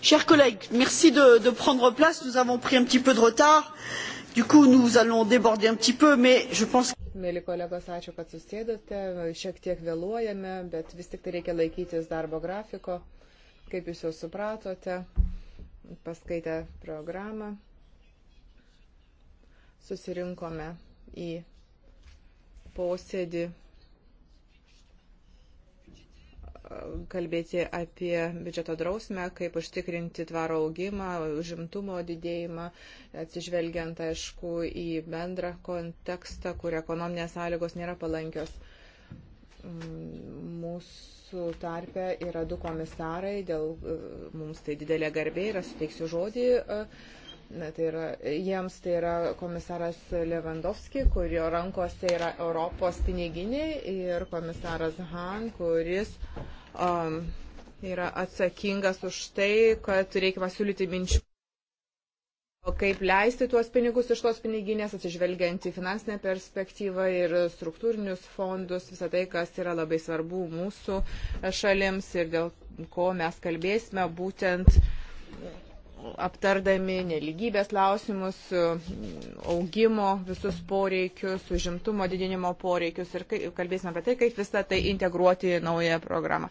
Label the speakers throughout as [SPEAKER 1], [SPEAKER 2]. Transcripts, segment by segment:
[SPEAKER 1] chers collègues merci de prendre place nous avons pris un petit peu de retard du coup nous allons déborder un petit peu mais je pense
[SPEAKER 2] Mėly kolegos, ačiū, kad susėdote. Šiek tiek vėluojame, bet vis tik tai reikia laikytis darbo grafiko, kaip jūs jau supratote, paskaitę programą. Susirinkome į posėdį kalbėti apie biudžeto drausmę, kaip užtikrinti tvaro augimą, žimtumo didėjimą, atsižvelgiant, aišku, į bendrą kontekstą, kur ekonominės sąlygos nėra palankios. Mm, mūsų tarpe yra du komisarai, dėl e, mums tai didelė garbė ir aš suteiksiu žodį. E, na, tai yra, jiems tai yra komisaras Lewandowski, kurio rankose yra Europos piniginė ir komisaras Han, kuris uh, um, yra atsakingas už tai, kad reikia pasiūlyti minčių kaip leisti tuos pinigus iš tos piniginės, atsižvelgiant į finansinę perspektyvą ir struktūrinius fondus, visą tai, kas yra labai svarbu mūsų šalims ir dėl ko mes kalbėsime būtent aptardami neligybės klausimus, augimo visus poreikius, užimtumo didinimo poreikius ir kalbėsime apie tai, kaip visą tai integruoti į naują programą.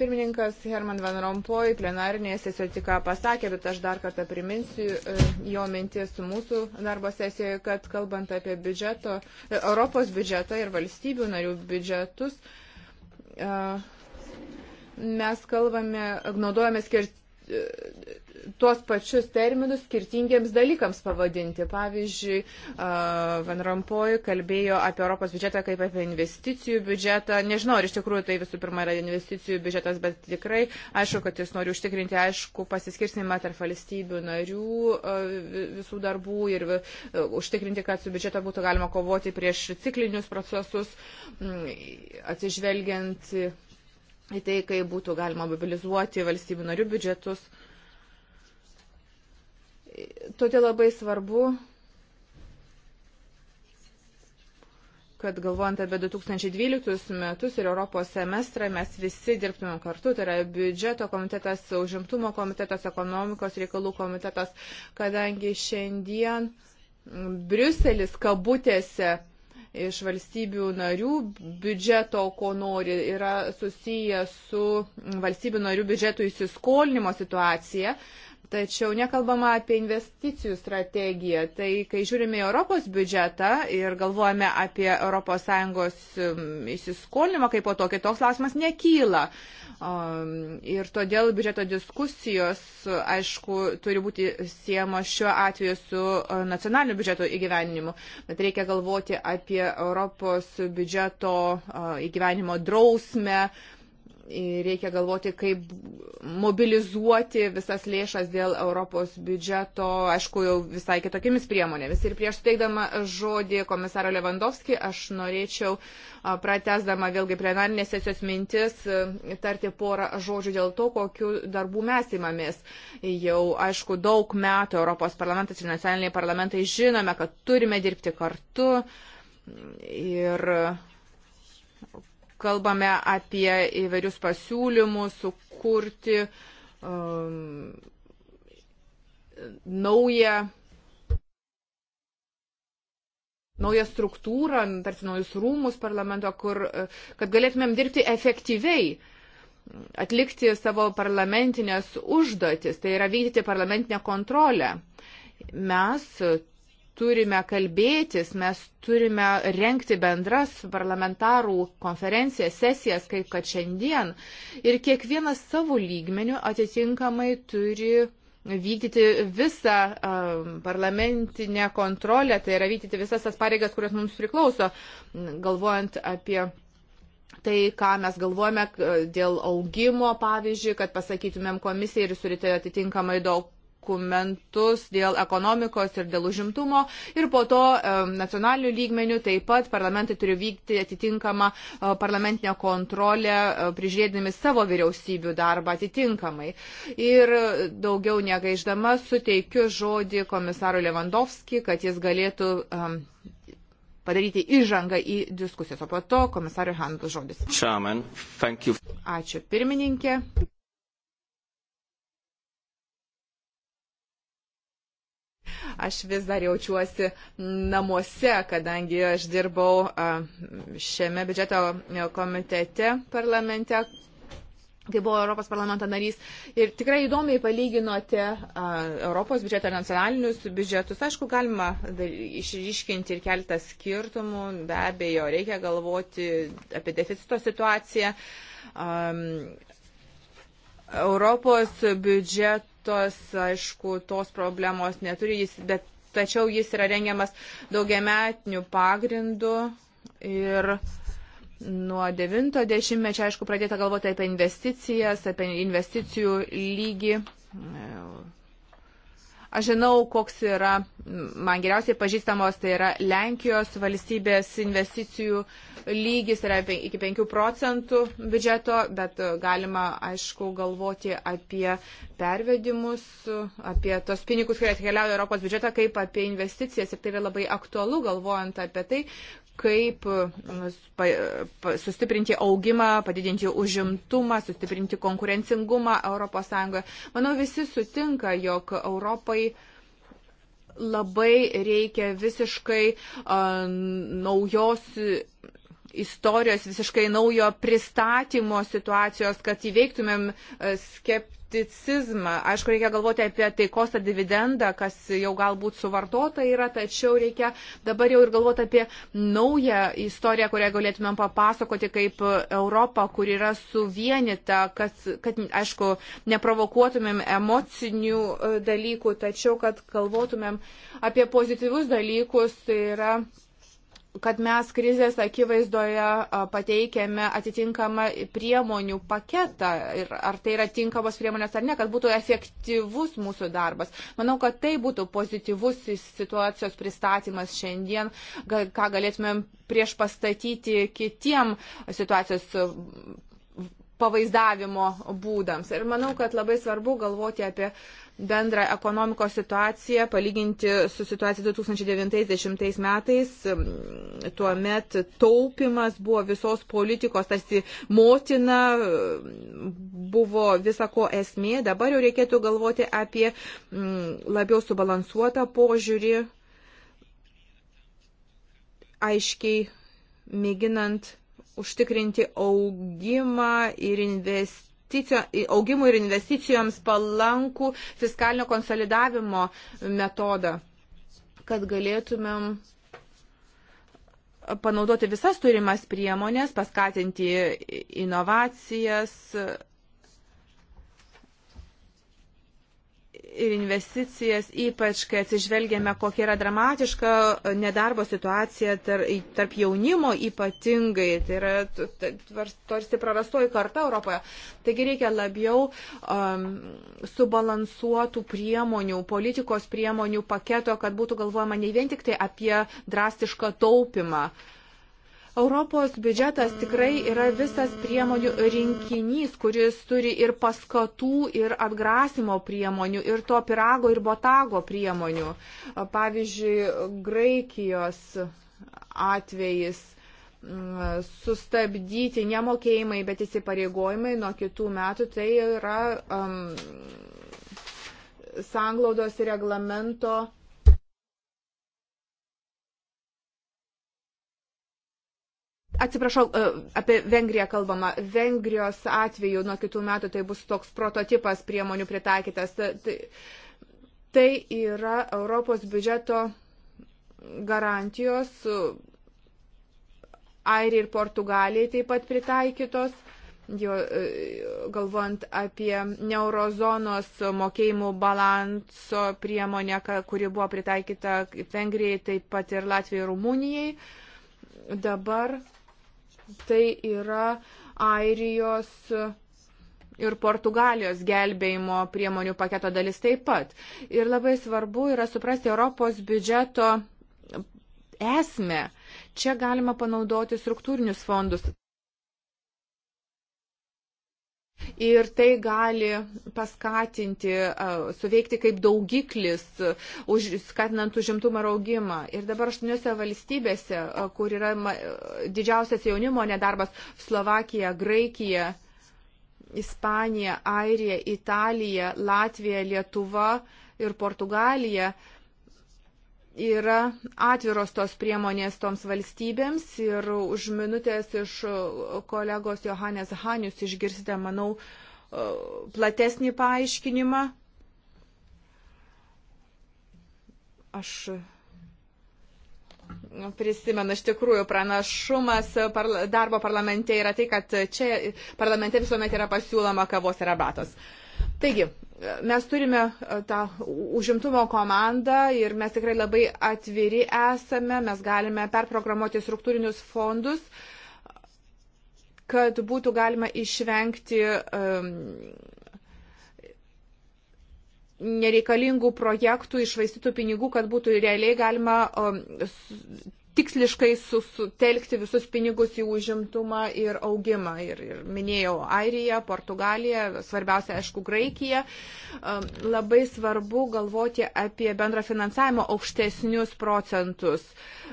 [SPEAKER 2] Pirmininkas Herman Van Rompuy plenarinėje sesijoje tik pasakė, bet aš dar kartą priminsiu e, jo mintis mūsų darbo sesijoje, kad kalbant apie biudžeto, e, Europos biudžetą ir valstybių narių biudžetus, e, mes kalbame, naudojame skirti tuos pačius terminus skirtingiems dalykams pavadinti. Pavyzdžiui, Van Rompuy kalbėjo apie Europos biudžetą kaip apie investicijų biudžetą. Nežinau, ar iš tikrųjų tai visų pirma yra investicijų biudžetas, bet tikrai aišku, kad jis nori užtikrinti aišku pasiskirstimą tarp valstybių narių visų darbų ir užtikrinti, kad su biudžeto būtų galima kovoti prieš ciklinius procesus, atsižvelgiant į tai, kaip būtų galima mobilizuoti valstybių narių biudžetus. Uh, Todėl labai svarbu, kad galvojant apie 2012 metus ir Europos semestrą mes visi dirbtumėm kartu, tai yra biudžeto komitetas, užimtumo komitetas, ekonomikos reikalų komitetas, kadangi šiandien Briuselis kabutėse iš valstybių narių biudžeto, ko nori, yra susijęs su valstybių narių biudžeto įsiskolinimo situacija. Tačiau nekalbama apie investicijų strategiją. Tai kai žiūrime į Europos biudžetą ir galvojame apie ES um, įsiskolinimą kaip po tokį, toks klausimas nekyla. Um, ir todėl biudžeto diskusijos, aišku, turi būti siemos šiuo atveju su uh, nacionaliniu biudžeto įgyvenimu. Bet reikia galvoti apie Europos biudžeto uh, įgyvenimo drausmę, reikia galvoti, kaip mobilizuoti visas lėšas dėl Europos biudžeto, aišku, jau visai kitokiamis priemonėmis. Ir prieš teikdama žodį komisaro Levandovskį, aš norėčiau, pratesdama vėlgi plenarinės sesijos mintis, tarti porą žodžių dėl to, kokiu darbų mes įmamės. Jau, aišku, daug metų Europos parlamentas ir nacionaliniai parlamentai žinome, kad turime dirbti kartu. Ir kalbame apie įvairius pasiūlymus sukurti um, naują naują struktūrą, tarsi naujus rūmus parlamento, kur, kad galėtumėm dirbti efektyviai, atlikti savo parlamentinės užduotis, tai yra vykdyti parlamentinę kontrolę. Mes turime kalbėtis, mes turime renkti bendras parlamentarų konferencijas, sesijas, kaip kad šiandien. Ir kiekvienas savo lygmenių atitinkamai turi vykdyti visą um, parlamentinę kontrolę, tai yra vykdyti visas tas pareigas, kurios mums priklauso, galvojant apie tai, ką mes galvojame dėl augimo, pavyzdžiui, kad pasakytumėm komisijai ir surite atitinkamai daug dokumentus dėl ekonomikos ir dėl užimtumo ir po to e, nacionalinių lygmenių taip pat parlamentai turi vykti atitinkamą e, parlamentinę kontrolę, e, prižiūrėdami savo vyriausybių darbą atitinkamai. Ir daugiau negaiždama suteikiu žodį komisarui Levandovskijui, kad jis galėtų padaryti įžangą į diskusijas, o po to komisarui Handel žodis. Chairman, Ačiū pirmininkė. Aš vis dar jaučiuosi namuose, kadangi aš dirbau šiame biudžeto komitete parlamente, kai buvo Europos parlamento narys. Ir tikrai įdomiai palyginote a, Europos biudžetą ir nacionalinius biudžetus. Aišku, galima išryškinti ir keltą skirtumų. Be abejo, reikia galvoti apie deficito situaciją. A, Europos biudžeto kitos, aišku, tos problemos neturi jis, bet tačiau jis yra rengiamas daugiametinių pagrindų ir nuo 90-mečio, aišku, pradėta galvoti apie investicijas, apie investicijų lygį Aš žinau, koks yra, man geriausiai pažįstamos, tai yra Lenkijos valstybės investicijų lygis yra iki 5 procentų biudžeto, bet galima, aišku, galvoti apie pervedimus, apie tos pinigus, kurie atkeliauja Europos biudžetą, kaip apie investicijas. Ir tai yra labai aktualu, galvojant apie tai, kaip sustiprinti augimą, padidinti užimtumą, sustiprinti konkurencingumą ES. Manau, visi sutinka, jog Europai labai reikia visiškai uh, naujos istorijos, visiškai naujo pristatymo situacijos, kad įveiktumėm skeptiką skepticizmą. Aišku, reikia galvoti apie taikos tą dividendą, kas jau galbūt suvartota yra, tačiau reikia dabar jau ir galvoti apie naują istoriją, kurią galėtumėm papasakoti kaip Europą, kur yra suvienita, kas, kad, aišku, neprovokuotumėm emocinių e, dalykų, tačiau kad galvotumėm apie pozityvius dalykus. Tai yra kad mes krizės akivaizdoje pateikėme atitinkamą priemonių paketą ir ar tai yra tinkamos priemonės ar ne, kad būtų efektyvus mūsų darbas. Manau, kad tai būtų pozityvus situacijos pristatymas šiandien, ką galėtumėm prieš pastatyti kitiem situacijos pavaizdavimo būdams. Ir manau, kad labai svarbu galvoti apie uh, bendrą ekonomikos situaciją, palyginti su situacija 2090 metais, tuomet taupimas buvo visos politikos, tarsi motina buvo visako esmė, dabar jau reikėtų galvoti apie labiau subalansuotą požiūrį, aiškiai mėginant užtikrinti augimą ir investiciją augimui ir investicijoms palankų fiskalinio konsolidavimo metodą, kad galėtumėm panaudoti visas turimas priemonės, paskatinti inovacijas, ir investicijas, ypač kai atsižvelgėme, kokia yra dramatiška e, nedarbo situacija tarp jaunimo ypatingai, tai yra tarsi prarastoji karta Europoje. Taigi reikia labiau um, subalansuotų priemonių, politikos priemonių paketo, kad būtų galvojama ne vien tik tai apie drastišką taupimą. Uh, Europos biudžetas tikrai yra visas priemonių rinkinys, kuris turi ir paskatų, ir atgrasimo priemonių, ir to pirago, ir botago priemonių. Pavyzdžiui, Graikijos atvejis mm, sustabdyti nemokėjimai, bet įsipareigojimai nuo kitų metų, tai yra um, sanglaudos reglamento Atsiprašau, e, apie Vengriją kalbama. Vengrijos atveju nuo kitų metų tai bus toks prototipas priemonių pritaikytas. Tai, tai yra Europos biudžeto garantijos Airijai ir Portugalijai taip pat pritaikytos, jo, e, galvojant apie neurozonos mokėjimų balanso priemonę, kuri buvo pritaikyta Vengrijai, taip pat ir Latvijai ir Rumunijai. Dabar tai yra Airijos ir Portugalijos gelbėjimo priemonių paketo dalis taip pat. Ir labai svarbu yra suprasti Europos biudžeto esmę. Čia galima panaudoti struktūrinius fondus. Ir tai gali paskatinti, suveikti kaip daugiklis, už, skatinant užimtumą ir augimą. Ir dabar aštuoniuose valstybėse, kur yra didžiausias jaunimo nedarbas - Slovakija, Graikija, Ispanija, Airija, Italija, Latvija, Lietuva ir Portugalija yra atviros tos priemonės toms valstybėms ir už minutės iš uh, kolegos Johannes Hanius išgirsite, manau, uh, platesnį paaiškinimą. Aš uh, prisimenu, iš tikrųjų pranašumas parla, darbo parlamente yra tai, kad čia parlamente visuomet yra pasiūloma kavos ir abatos. Uh, Taigi, mes turime e, tą užimtumo komandą ir mes tikrai labai atviri esame, mes galime perprogramuoti struktūrinius fondus, kad būtų galima išvengti um, nereikalingų projektų, išvaistytų pinigų, kad būtų realiai galima um, tiksliškai sutelkti visus pinigus į užimtumą ir augimą. Ir, ir minėjau Airiją, Portugaliją, svarbiausia, aišku, Graikiją. Um, labai svarbu galvoti apie bendrą finansavimo aukštesnius procentus.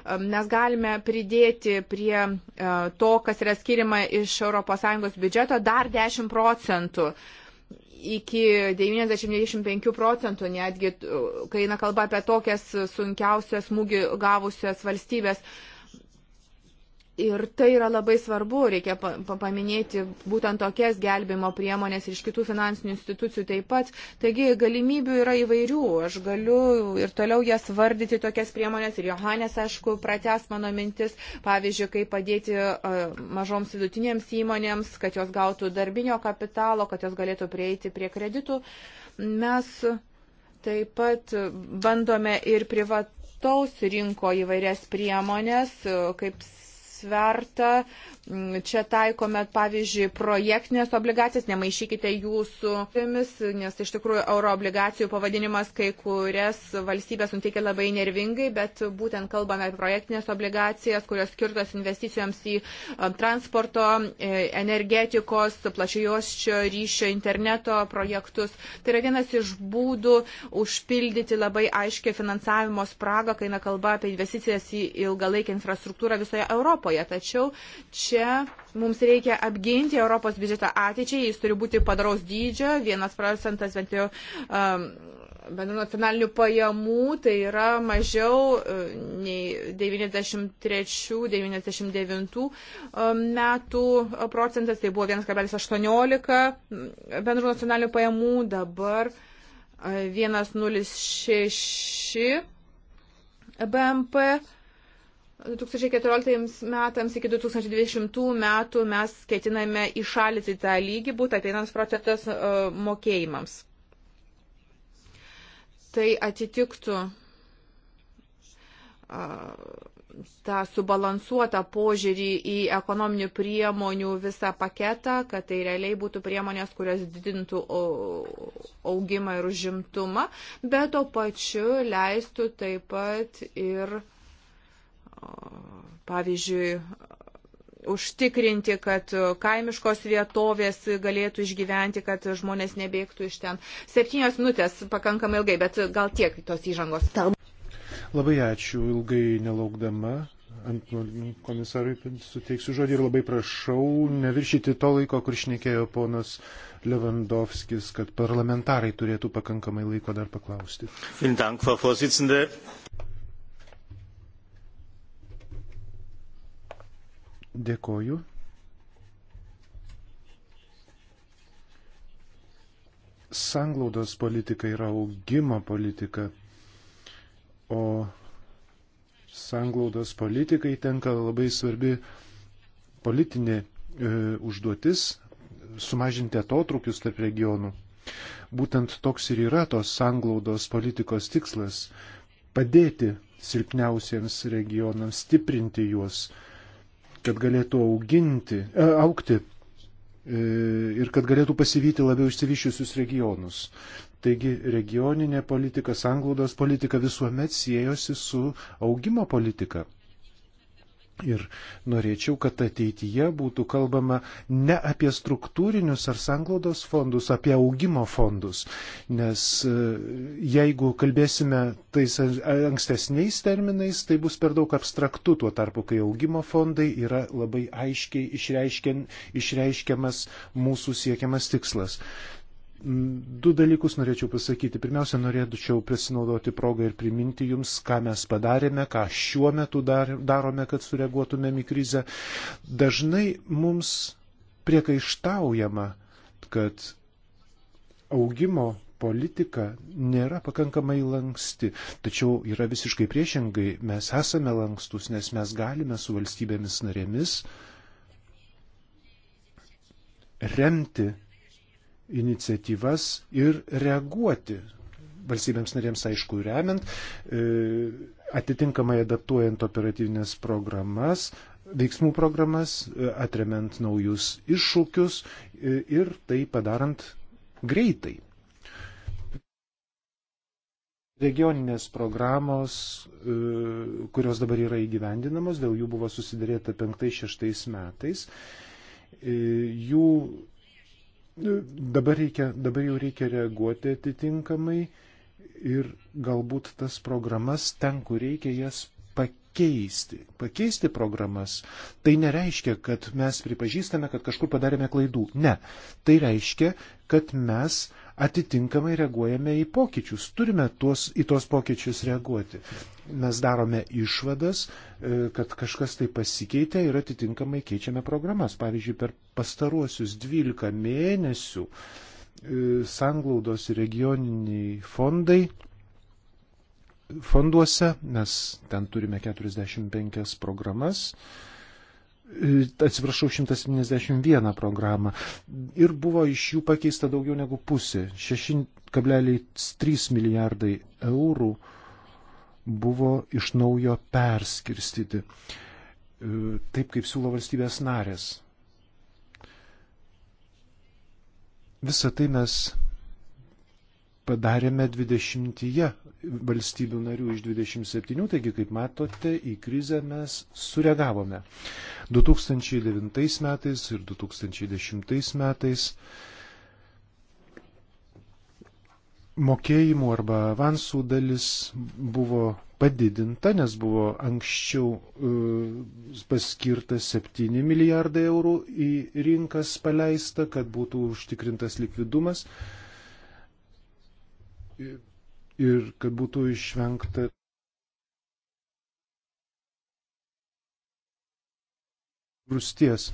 [SPEAKER 2] Um, mes galime pridėti prie uh, to, kas yra skirima iš ES biudžeto, dar 10 procentų iki 90-95 procentų, netgi kai eina kalba apie tokias sunkiausias smūgį gavusias valstybės. Ir tai yra labai svarbu, reikia paminėti būtent tokias gelbimo priemonės ir iš kitų finansinių institucijų taip pat. Taigi galimybių yra įvairių, aš galiu ir toliau jas vardyti tokias priemonės ir Johannes, aišku, prates mano mintis, pavyzdžiui, kaip padėti mažoms vidutinėms įmonėms, kad jos gautų darbinio kapitalo, kad jos galėtų prieiti prie kreditų. Mes taip pat bandome ir privataus rinko įvairias priemonės, kaip svertą. Mm, čia taikome, pavyzdžiui, projektinės obligacijas, nemaišykite jų su jomis, nes iš tikrųjų euroobligacijų pavadinimas kai kurias valstybės nuteikia labai nervingai, bet būtent kalbame apie projektinės obligacijas, kurios skirtos investicijoms į e, transporto, e, energetikos, plačiojosčio ryšio, interneto projektus. Tai yra vienas iš būdų užpildyti labai aiškiai finansavimo spragą, kai eina kalba apie investicijas į ilgalaikę infrastruktūrą visoje Europoje. Europoje. Tačiau čia mums reikia apginti Europos biudžetą ateičiai, jis turi būti padraus dydžio, vienas procentas bent jau. Um, bendrų nacionalinių pajamų, tai yra mažiau uh, nei 93-99 um, metų procentas, tai buvo 1,18 mm, bendrų nacionalinių pajamų, dabar 1,06 uh, BMP. 2014 metams iki 2020 metų mes ketiname išalyti tą lygį būtų ateinant procentas e, mokėjimams. Tai atitiktų e, tą subalansuotą požiūrį į ekonominių priemonių visą paketą, kad tai realiai būtų priemonės, kurios didintų augimą ir užimtumą, bet to pačiu leistų taip pat ir pavyzdžiui, užtikrinti, kad kaimiškos vietovės galėtų išgyventi, kad žmonės nebėgtų iš ten. Septynios minutės pakankamai ilgai, bet gal tiek tos įžangos.
[SPEAKER 3] Labai ačiū, ilgai nelaukdama. Ant komisarui suteiksiu žodį ir labai prašau neviršyti to laiko, kur šnekėjo ponas Levandovskis, kad parlamentarai turėtų pakankamai laiko dar paklausti.
[SPEAKER 1] Vielen Dank, Frau Vorsitzende.
[SPEAKER 3] Dėkoju. Sanglaudos politika yra augimo politika, o sanglaudos politikai tenka labai svarbi politinė e, užduotis sumažinti atotrukius tarp regionų. Būtent toks ir yra tos sanglaudos politikos tikslas - padėti silpniausiems regionams, stiprinti juos, kad galėtų auginti, e, aukti e, ir kad galėtų pasivyti labiau išsivyščiusius regionus. Taigi regioninė politika, sanglaudos politika visuomet siejosi su augimo politika. Ir norėčiau, kad ateityje būtų kalbama ne apie struktūrinius ar sanglaudos fondus, apie augimo fondus. Nes e, jeigu kalbėsime tais ankstesniais terminais, tai bus per daug abstraktu tuo tarpu, kai augimo fondai yra labai aiškiai išreiškiamas mūsų siekiamas tikslas. Du dalykus norėčiau pasakyti. Pirmiausia, norėčiau pasinaudoti progą ir priminti Jums, ką mes padarėme, ką šiuo metu dar, darome, kad sureaguotumėm į krizę. Dažnai mums priekaištaujama, kad augimo politika nėra pakankamai lanksti. Tačiau yra visiškai priešingai, mes esame lankstus, nes mes galime su valstybėmis narėmis remti iniciatyvas ir reaguoti. Valstybėms narėms, aišku, remiant, e, atitinkamai adaptuojant operatyvinės programas, veiksmų programas, e, atremiant naujus iššūkius e, ir tai padarant greitai. Regioninės programos, kurios dabar yra įgyvendinamos, dėl jų buvo susidėrėta 5-6 metais, jų Dabar, reikia, dabar jau reikia reaguoti atitinkamai ir galbūt tas programas ten, kur reikia jas pakeisti. Pakeisti programas tai nereiškia, kad mes pripažįstame, kad kažkur padarėme klaidų. Ne. Tai reiškia, kad mes atitinkamai reaguojame į pokyčius, turime tuos, į tuos pokyčius reaguoti. Mes darome išvadas, e, kad kažkas tai pasikeitė ir atitinkamai keičiame programas. Pavyzdžiui, per pastaruosius 12 mėnesių e, sanglaudos ir regioniniai fondai fonduose, mes ten turime 45 programas, atsiprašau, 171 programą. Ir buvo iš jų pakeista daugiau negu pusė. 6,3 milijardai eurų buvo iš naujo perskirstyti. E, taip kaip siūlo valstybės narės. Visą tai mes padarėme 20 valstybių narių iš 27, taigi kaip matote, į krizę mes sureagavome. 2009 metais ir 2010 metais mokėjimų arba avansų dalis buvo padidinta, nes buvo anksčiau e, paskirta 7 milijardai eurų į rinkas paleista, kad būtų užtikrintas likvidumas ir kad būtų išvengta. Rusties.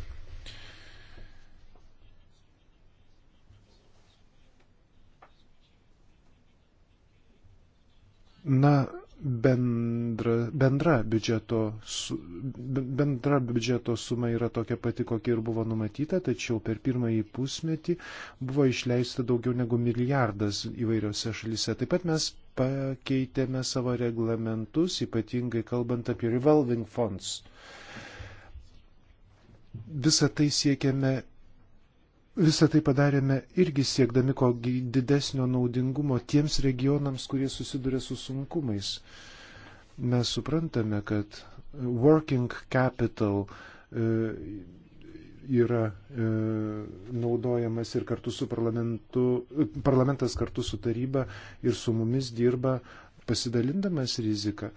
[SPEAKER 3] Na, bendra, bendra, biudžeto, su, bendra biudžeto suma yra tokia pati, kokia ir buvo numatyta, tačiau per pirmąjį pusmetį buvo išleista daugiau negu milijardas įvairiose šalise. Taip pat mes pakeitėme savo reglamentus, ypatingai kalbant apie revolving funds. Visą tai siekiame Visą tai padarėme irgi siekdami ko didesnio naudingumo tiems regionams, kurie susiduria su sunkumais. Mes suprantame, kad working capital e, yra e, naudojamas ir kartu su parlamentu, parlamentas kartu su taryba ir su mumis dirba pasidalindamas riziką.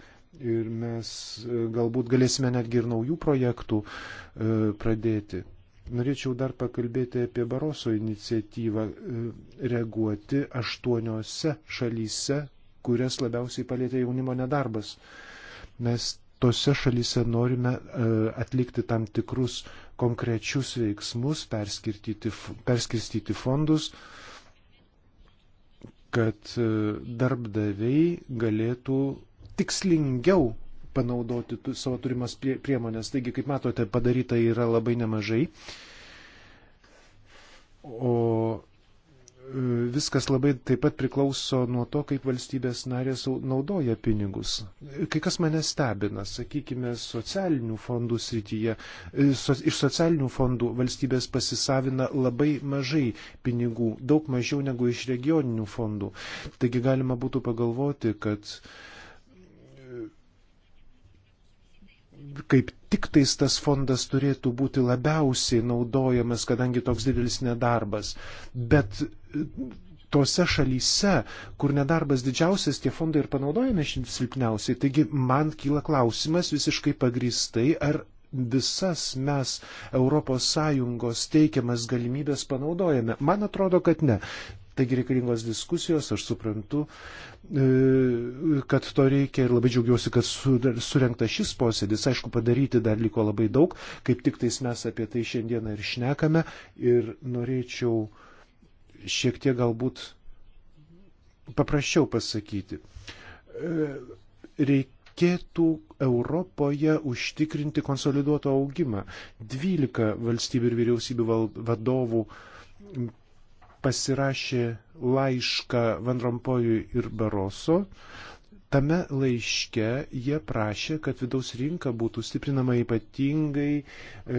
[SPEAKER 3] Ir mes e, galbūt galėsime netgi ir naujų projektų pradėti. Norėčiau dar pakalbėti apie Baroso iniciatyvą e, reaguoti aštuoniose šalyse, kurias labiausiai palėtė jaunimo nedarbas. Mes tose šalyse norime e, atlikti tam tikrus konkrečius veiksmus, perskirstyti fondus, kad e, darbdaviai galėtų tikslingiau panaudoti savo turimas prie, priemonės. Taigi, kaip matote, padaryta yra labai nemažai. O e, viskas labai taip pat priklauso nuo to, kaip valstybės narės naudoja pinigus. Kai kas mane stebina, sakykime, socialinių fondų srityje, e, so, iš socialinių fondų valstybės pasisavina labai mažai pinigų, daug mažiau negu iš regioninių fondų. Taigi galima būtų pagalvoti, kad uh, kaip tik tais tas fondas turėtų būti labiausiai naudojamas, kadangi toks didelis nedarbas. Bet e, tose šalyse, kur nedarbas didžiausias, tie fondai ir panaudojami silpniausiai. Taigi man kyla klausimas visiškai pagristai, ar visas mes ES teikiamas galimybės panaudojame? Man atrodo, kad ne. Taigi reikalingos diskusijos, aš suprantu, e, kad to reikia ir labai džiaugiuosi, kad surinkta šis posėdis. Aišku, padaryti dar liko labai daug, kaip tik tais mes apie tai šiandieną ir šnekame. Ir norėčiau šiek tiek galbūt paprasčiau pasakyti. E, reikėtų Europoje užtikrinti konsoliduotą augimą. 12 valstybių ir vyriausybių vadovų pasirašė laišką Vandrompojui ir Baroso. Tame laiške jie prašė, kad vidaus rinka būtų stiprinama ypatingai e, e,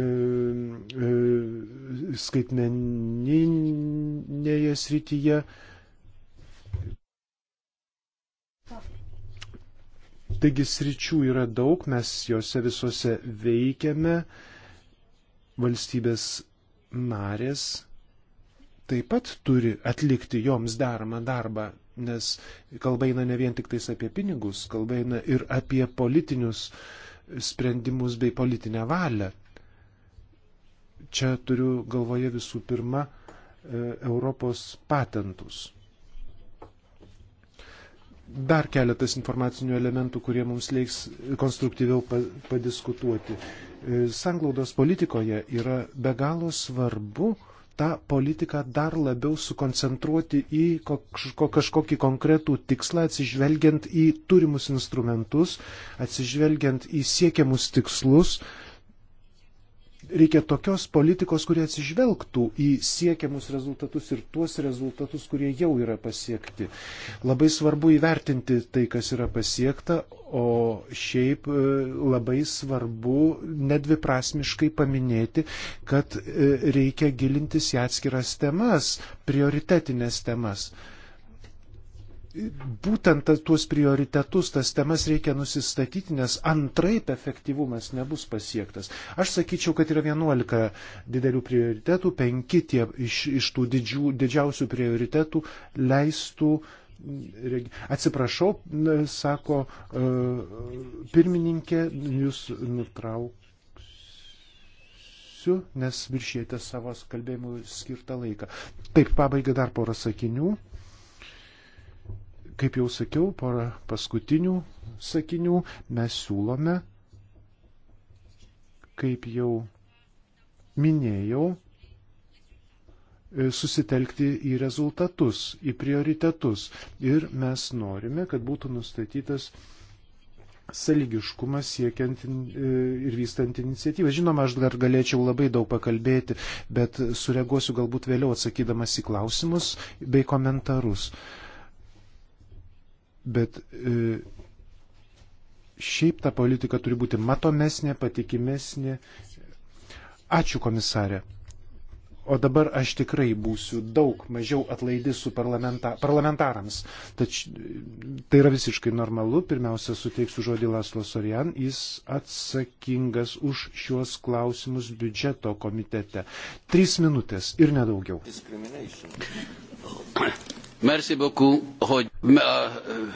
[SPEAKER 3] skaitmeninėje srityje. Taigi sričių yra daug, mes juose visose veikiame, valstybės narės taip pat turi atlikti joms daromą darbą, nes kalba eina ne vien tik tais apie pinigus, kalba eina ir apie politinius sprendimus bei politinę valią. Čia turiu galvoje visų pirma e, Europos patentus. Dar keletas informacinių elementų, kurie mums leiks konstruktyviau padiskutuoti. E, sanglaudos politikoje yra be galo svarbu, tą politiką dar labiau sukoncentruoti į kažkokį konkretų tikslą, atsižvelgiant į turimus instrumentus, atsižvelgiant į siekiamus tikslus, Reikia tokios politikos, kurie atsižvelgtų į siekiamus rezultatus ir tuos rezultatus, kurie jau yra pasiekti. Labai svarbu įvertinti tai, kas yra pasiekta, o šiaip e, labai svarbu nedviprasmiškai paminėti, kad e, reikia gilintis į atskiras temas, prioritetinės temas būtent tuos prioritetus, tas temas reikia nusistatyti, nes antraip efektyvumas nebus pasiektas. Aš sakyčiau, kad yra 11 didelių prioritetų, 5 tie iš, iš tų didžių, didžiausių prioritetų leistų. Atsiprašau, sako e, pirmininkė, jūs nutrauksiu, nes viršėte savo kalbėjimui skirtą laiką. Taip, pabaiga dar porą sakinių. Kaip jau sakiau, porą paskutinių sakinių mes siūlome, kaip jau minėjau, susitelkti į rezultatus, į prioritetus. Ir mes norime, kad būtų nustatytas saligiškumas siekiant e, ir vystant iniciatyvą. Žinoma, aš dar galėčiau labai daug pakalbėti, bet sureaguosiu galbūt vėliau atsakydamas į klausimus bei komentarus. Uh, Bet e, šiaip ta politika turi būti matomesnė, patikimesnė. Ačiū komisarė. O dabar aš tikrai būsiu daug mažiau atlaidis su parlamenta, parlamentarams. Tač, tai yra visiškai normalu. Pirmiausia, suteiksiu žodį Laslo Sorian. Jis atsakingas už šiuos klausimus biudžeto komitete. Trys minutės ir nedaugiau.
[SPEAKER 1] Merci beaucoup. Három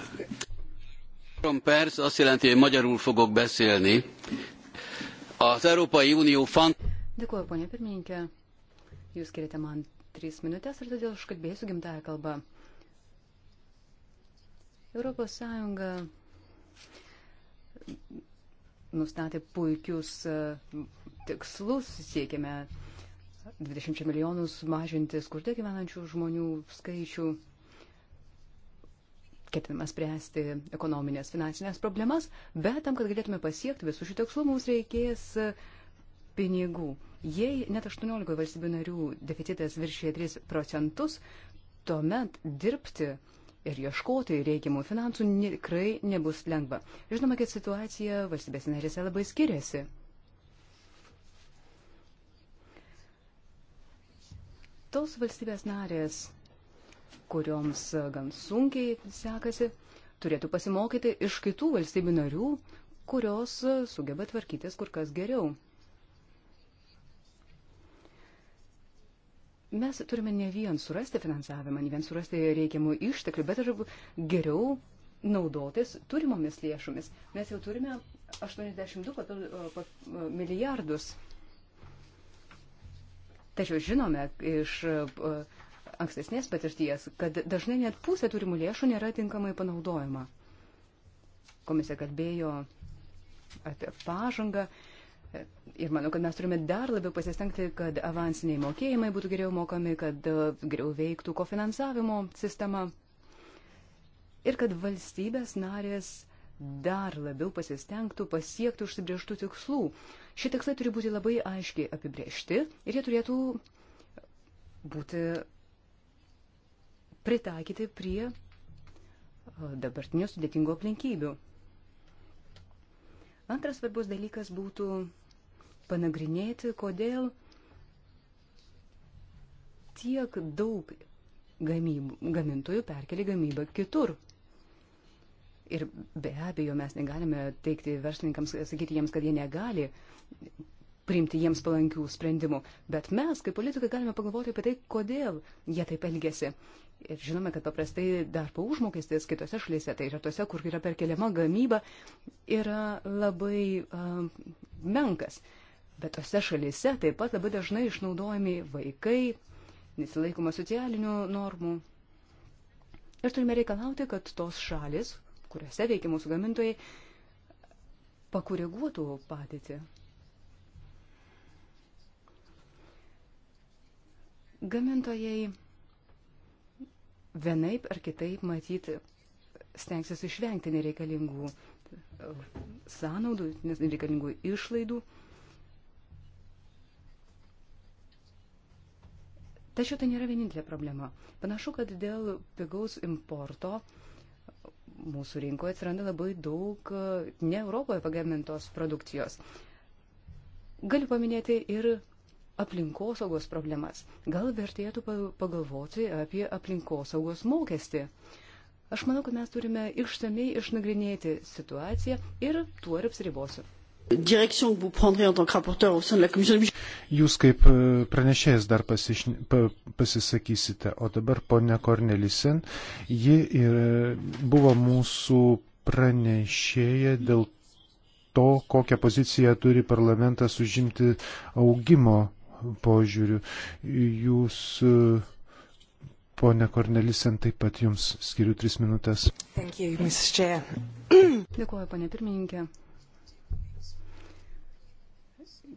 [SPEAKER 1] perc azt jelenti, hogy magyarul fogok beszélni. Az Európai Unió fant... Dėkuoju, ponia pirmininkė. Jūs skirite man tris minutės ir todėl aš kalbėsiu gimtąją kalbą. Europos Sąjunga nustatė puikius e, tikslus, siekėme 20 milijonus mažinti skurde gyvenančių žmonių skaičių ketiname spręsti ekonominės, finansinės problemas, bet tam, kad galėtume pasiekti visų šių tikslų, mums reikės e, pinigų. Jei net 18 valstybių narių deficitas viršyje 3 procentus, tuomet dirbti ir ieškoti reikiamų finansų tikrai nebus lengva. Žinoma, kad situacija valstybės narėse labai skiriasi. Tos valstybės narės, kurioms gan sunkiai sekasi, turėtų pasimokyti iš kitų valstybių narių, kurios sugeba tvarkytis kur kas geriau. Mes turime ne vien surasti finansavimą, ne vien surasti reikiamų išteklių, bet ir geriau naudotis turimomis lėšomis. Mes jau turime 82 milijardus. Tačiau žinome iš uh, ankstesnės patirties, kad dažnai net pusė turimų lėšų nėra tinkamai panaudojama. Komisija kalbėjo apie pažangą ir manau, kad mes turime dar labiau pasistengti, kad avansiniai mokėjimai būtų geriau mokami, kad geriau veiktų kofinansavimo sistema ir kad valstybės narės dar labiau pasistengtų pasiekti užsibrieštų tikslų. Šie tikslai turi būti labai aiškiai apibriešti ir jie turėtų būti pritaikyti prie e, dabartinių sudėtingų aplinkybių. Antras svarbus dalykas būtų panagrinėti, kodėl tiek daug gamyb, gamintojų perkeli gamybą kitur. Ir be abejo, mes negalime teikti verslininkams, sakyti jiems, kad jie negali priimti jiems palankių sprendimų. Bet mes, kaip politikai, galime pagalvoti apie tai, kodėl jie taip elgesi. Ir žinome, kad paprastai darbo užmokestis kitose šalyse, tai yra tose, kur yra perkeliama gamyba, yra labai uh, menkas. Bet tose šalyse taip pat labai dažnai išnaudojami vaikai, nesilaikoma socialinių normų. Ir turime reikalauti, kad tos šalis, kuriuose veikia mūsų gamintojai, pakoreguotų padėtį. Gamintojai vienaip ar kitaip matyti stengsis išvengti nereikalingų e, sąnaudų, nereikalingų išlaidų. Tačiau tai nėra vienintelė problema. Panašu, kad dėl pigaus importo mūsų rinkoje atsiranda labai daug e, ne Europoje pagamintos produkcijos. Galiu paminėti ir aplinkosaugos problemas. Gal vertėtų pagalvoti apie aplinkosaugos mokestį. Aš manau, kad mes turime išsamei išnagrinėti situaciją ir tuo ir apsiribosiu.
[SPEAKER 3] Jūs kaip e, pranešėjas dar pasiš... pasisakysite, o dabar ponia Kornelisen, ji ir buvo mūsų pranešėja dėl to, kokią poziciją turi parlamentas užimti augimo požiūriu. Jūs, e, ponė Kornelisen, taip pat jums skiriu tris minutės.
[SPEAKER 1] Dėkuoju, ponė pirmininkė.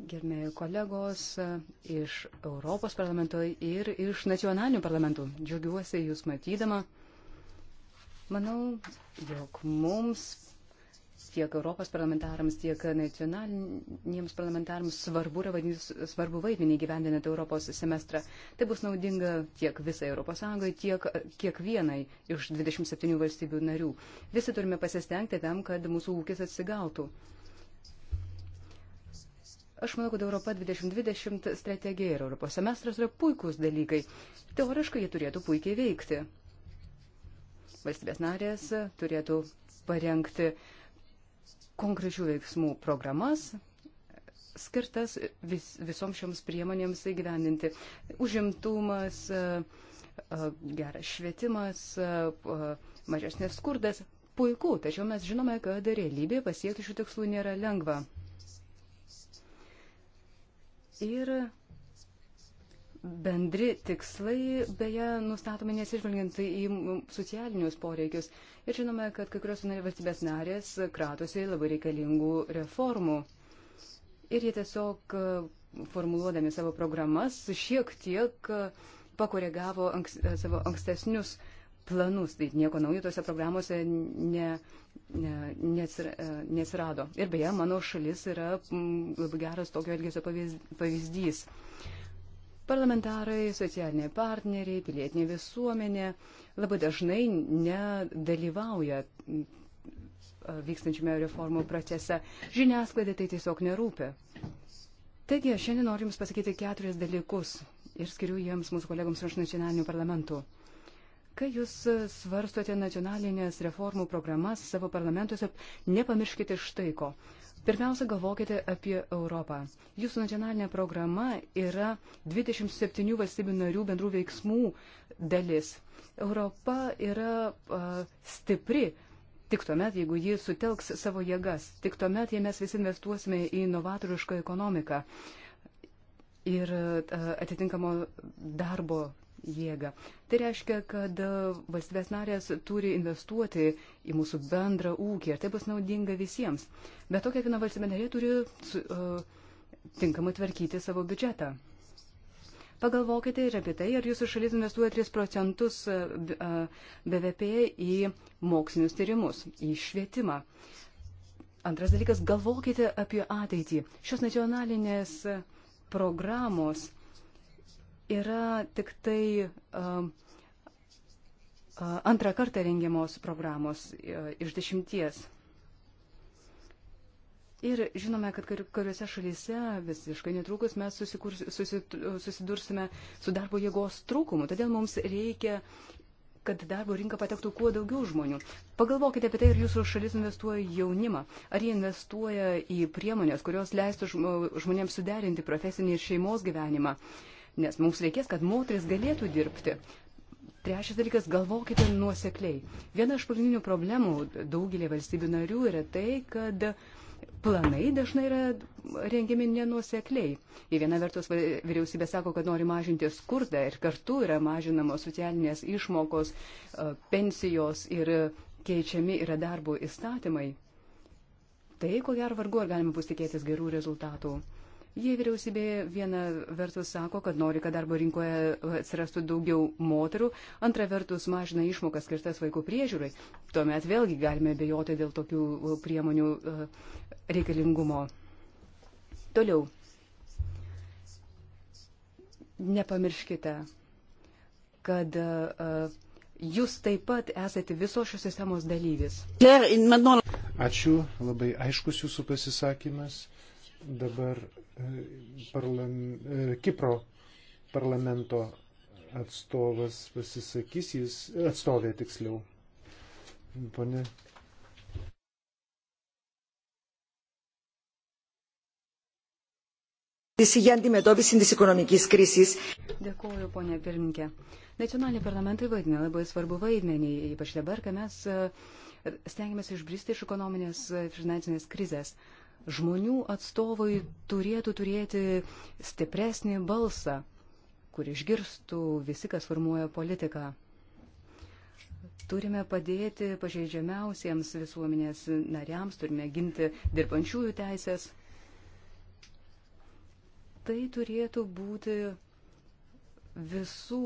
[SPEAKER 1] Gerbėjai kolegos e, iš Europos parlamento ir iš nacionalinių parlamentų. Džiaugiuosi jūs matydama. Manau, jog mums tiek Europos parlamentarams, tiek nacionalinėms parlamentarams svarbu, svarbu vaidmenį gyvendinant Europos semestrą. Tai bus naudinga tiek visai Europos Sąjungai, tiek kiekvienai iš 27 valstybių narių. Visi turime pasistengti tam, kad mūsų ūkis atsigautų. Aš manau, kad Europa 2020 strategija ir Europos semestras yra puikūs dalykai. Teoriškai jie turėtų puikiai veikti. Valstybės narės turėtų parengti konkrečių veiksmų programas skirtas vis, visoms šioms priemonėms įgyvendinti. Užimtumas, e, e, geras švietimas, e, mažesnės skurdas. Puiku, tačiau mes žinome, kad realybė pasiekti šių tikslų nėra lengva. Ir bendri tikslai, beje, nustatomi nesižvelgiant į socialinius poreikius. Ir žinome, kad kai kurios valstybės narės kratosi labai reikalingų reformų. Ir jie tiesiog e, formuluodami savo programas šiek tiek e, pakoregavo anks, e, savo ankstesnius planus. Tai nieko naujo tose programuose ne, ne, nesirado. Ir beje, mano šalis yra labai geras tokio elgesio pavyzdys. Parlamentarai, socialiniai partneriai, pilietinė visuomenė labai dažnai nedalyvauja vykstančiame reformų procese. Žiniasklaida tai tiesiog nerūpia. Taigi, šiandien noriu Jums pasakyti keturis dalykus ir skiriu jiems mūsų kolegoms iš nacionalinių parlamentų. Kai Jūs svarstote nacionalinės reformų programas savo parlamentuose, nepamirškite štai ko. Pirmiausia, galvokite apie Europą. Jūsų nacionalinė programa yra 27 valstybių narių bendrų veiksmų dalis. Europa yra uh, stipri. Tik tuomet, jeigu ji sutelks savo jėgas, tik tuomet, jei mes visi investuosime į novatorišką ekonomiką ir atitinkamo darbo jėgą. Tai reiškia, kad e, valstybės narės turi investuoti į mūsų bendrą ūkį ir tai bus naudinga visiems. Bet to kiekviena valstybė narė turi uh, tinkamai tvarkyti savo biudžetą. Pagalvokite ir apie tai, ar jūsų šalis investuoja 3 procentus e, BVP į mokslinius tyrimus, į švietimą. Antras dalykas, galvokite apie ateitį. Šios nacionalinės programos yra tik tai antrą kartą rengiamos programos iš dešimties. Ir žinome, kad kuriuose šalyse visiškai netrukus mes susidursime su darbo jėgos trūkumu. Todėl mums reikia kad darbo rinką patektų kuo daugiau žmonių. Pagalvokite apie tai, ar jūsų šalis investuoja į jaunimą, ar jie investuoja į priemonės, kurios leistų žmonėms suderinti profesinį ir šeimos gyvenimą. Uh, nes mums reikės, kad moteris galėtų dirbti. Trečias dalykas - galvokite nuosekliai. Viena iš pagrindinių problemų daugelį valstybių narių yra tai, kad planai dažnai yra rengiami nenuosekliai. Į vieną vertus vyriausybė sako, kad nori mažinti skurdą ir kartu yra mažinamos socialinės išmokos, e, pensijos ir keičiami yra darbo įstatymai. Tai, ko gero, vargu ar galima bus tikėtis gerų rezultatų. Jei vyriausybė viena vertus sako, kad nori, kad darbo rinkoje atsirastų daugiau moterų, antra vertus mažina išmokas skirtas vaikų priežiūrai, tuomet vėlgi galime bejoti dėl tokių uh, priemonių uh, reikalingumo. Toliau. Nepamirškite, kad uh, jūs taip pat esate visos šios sistemos dalyvis.
[SPEAKER 3] Ačiū, labai aiškus jūsų pasisakymas. Dabar parlam, e, Kipro parlamento atstovas pasisakys, jis atstovė tiksliau.
[SPEAKER 1] Pane. Dėkuoju, ponė pirmininkė. Nacionaliniai parlamentai vaidina labai svarbu vaidmenį, ypač dabar, kai mes e, stengiamės išbristi iš ekonominės e, finansinės krizės žmonių atstovai turėtų turėti stipresnį balsą, kur išgirstų visi, kas formuoja politiką. Turime padėti pažeidžiamiausiems visuomenės nariams, turime ginti dirbančiųjų teisės. Tai turėtų būti visų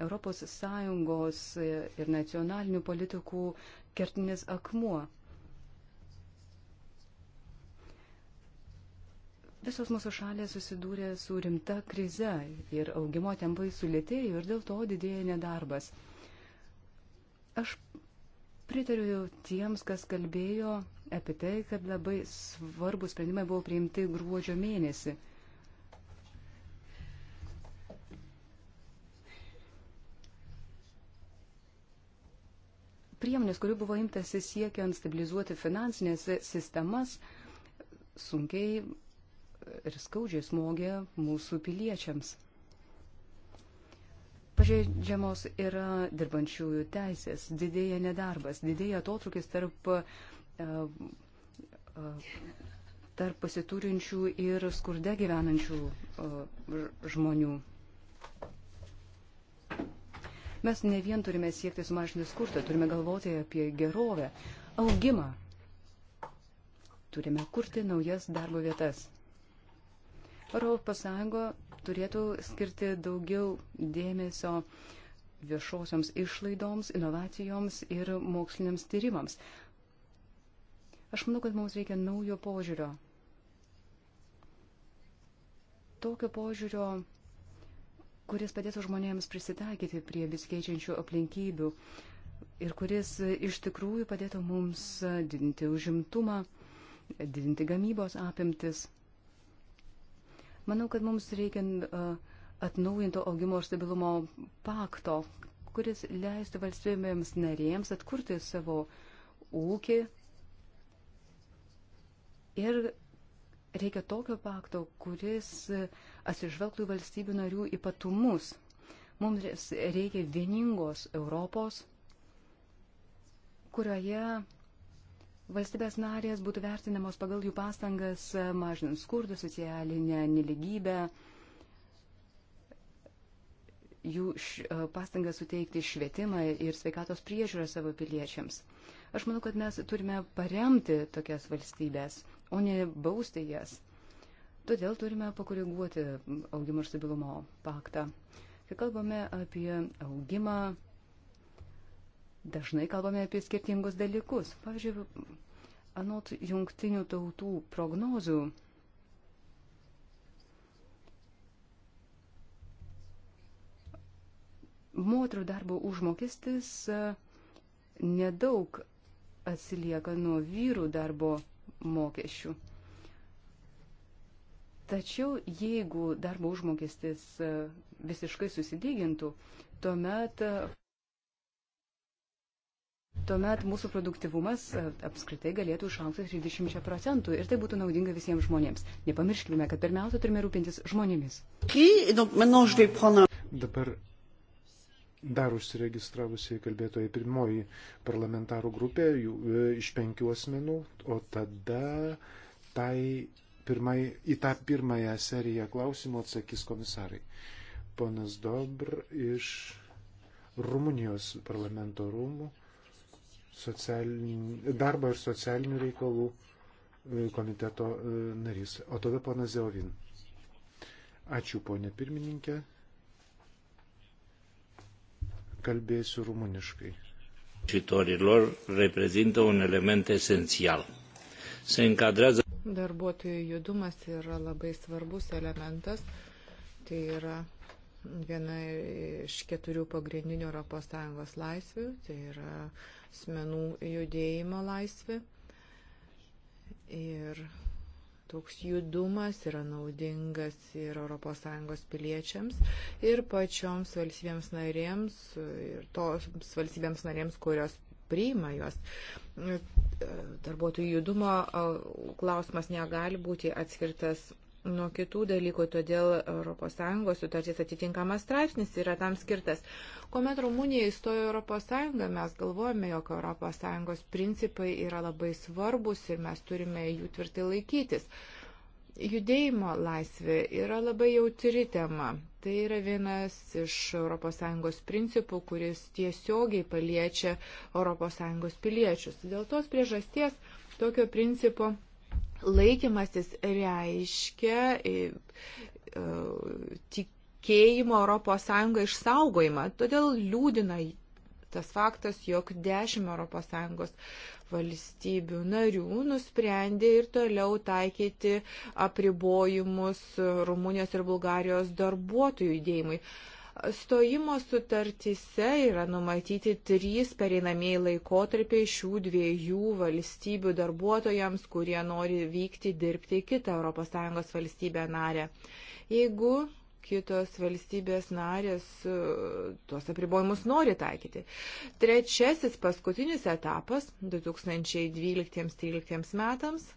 [SPEAKER 1] ES ir nacionalinių politikų kertinis akmuo. Visos mūsų šalės susidūrė su rimta krize ir augimo tempai sulėtėjo ir dėl to didėja nedarbas. Aš pritariu tiems, kas kalbėjo apie tai, kad labai svarbus sprendimai buvo priimti gruodžio mėnesį. Priemonės, kurių buvo imtasi siekiant stabilizuoti finansinės sistemas, sunkiai ir skaudžiai smogė mūsų piliečiams. Pažeidžiamos yra dirbančiųjų teisės, didėja nedarbas, didėja atotrukis tarp, e, e, tarp pasiturinčių ir skurde gyvenančių e, žmonių. Mes ne vien turime siekti sumažinti skurdą, turime galvoti apie gerovę, augimą. Turime kurti naujas darbo vietas. ES turėtų skirti daugiau dėmesio viešosioms išlaidoms, inovacijoms ir moksliniams tyrimams. Aš manau, kad mums reikia naujo požiūrio. Tokio požiūrio, kuris padėtų žmonėms prisitaikyti prie besikeičiančių aplinkybių ir kuris iš tikrųjų padėtų mums didinti užimtumą, didinti gamybos apimtis. Manau, kad mums reikia atnaujinto augimo ir stabilumo pakto, kuris leistų valstybėms narėms atkurti savo ūkį. Ir reikia tokio pakto, kuris atsižvelgtų į valstybių narių ypatumus. Mums reikia vieningos Europos, kurioje valstybės narės būtų vertinamos pagal jų pastangas mažinant skurdų, socialinę neligybę, jų e, pastangas suteikti švietimą ir sveikatos priežiūrą savo piliečiams. Aš manau, kad mes turime paremti tokias valstybės, o ne bausti jas. Todėl turime pakoreguoti augimo ir stabilumo paktą. Kai kalbame apie augimą, dažnai kalbame apie skirtingus dalykus. Pavyzdžiui, anot jungtinių tautų prognozių, moterų darbo užmokestis e, nedaug atsilieka nuo vyrų darbo mokesčių. Tačiau jeigu darbo užmokestis e, visiškai susidygintų, tuomet tuomet mūsų produktivumas e, apskritai galėtų išaukti 30 procentų ir tai būtų naudinga visiems žmonėms. Nepamirškime, kad pirmiausia turime rūpintis žmonėmis.
[SPEAKER 3] Dabar dar užsiregistravusiai kalbėtojai pirmoji parlamentarų grupė jų, e, iš penkių asmenų, o tada tai pirmai, į tą pirmąją seriją klausimų atsakys komisarai. Ponas Dobr iš Rumunijos parlamento rūmų socialin... darbo ir socialinių reikalų e, komiteto e, narys. O tada ponas Zeovin. Ačiū, ponė pirmininkė. Kalbėsiu rumuniškai.
[SPEAKER 1] Citorilor
[SPEAKER 2] reprezintă un element esențial. Se încadrează. Darbuotojų judumas yra labai svarbus elementas. Tai yra viena iš keturių pagrindinių ES laisvių, tai yra asmenų judėjimo laisvė. Ir toks judumas yra naudingas ir ES piliečiams, ir pačioms valstybėms narėms, ir tos valstybėms narėms, kurios priima juos. Darbuotojų judumo klausimas negali būti atskirtas nuo kitų dalykų, todėl ES sutarties atitinkamas straipsnis yra tam skirtas. Kuomet Rumunija įstojo ES, mes galvojame, jog ES principai yra labai svarbus ir mes turime jų tvirtai laikytis. Judėjimo laisvė yra labai jautri tema. Tai yra vienas iš ES principų, kuris tiesiogiai paliečia ES piliečius. Dėl tos priežasties tokio principo Laikymasis reiškia e, e, tikėjimo ES išsaugojimą. Todėl liūdina tas faktas, jog 10 ES valstybių narių nusprendė ir toliau taikyti apribojimus Rumunijos ir Bulgarijos darbuotojų judėjimui. Uh, Stojimo sutartyse yra numatyti trys pereinamieji laikotarpiai šių dviejų valstybių darbuotojams, kurie nori vykti dirbti į kitą ES valstybę narę. Jeigu kitos valstybės narės e, tuos apribojimus nori taikyti. Trečiasis paskutinis etapas 2012-2013 metams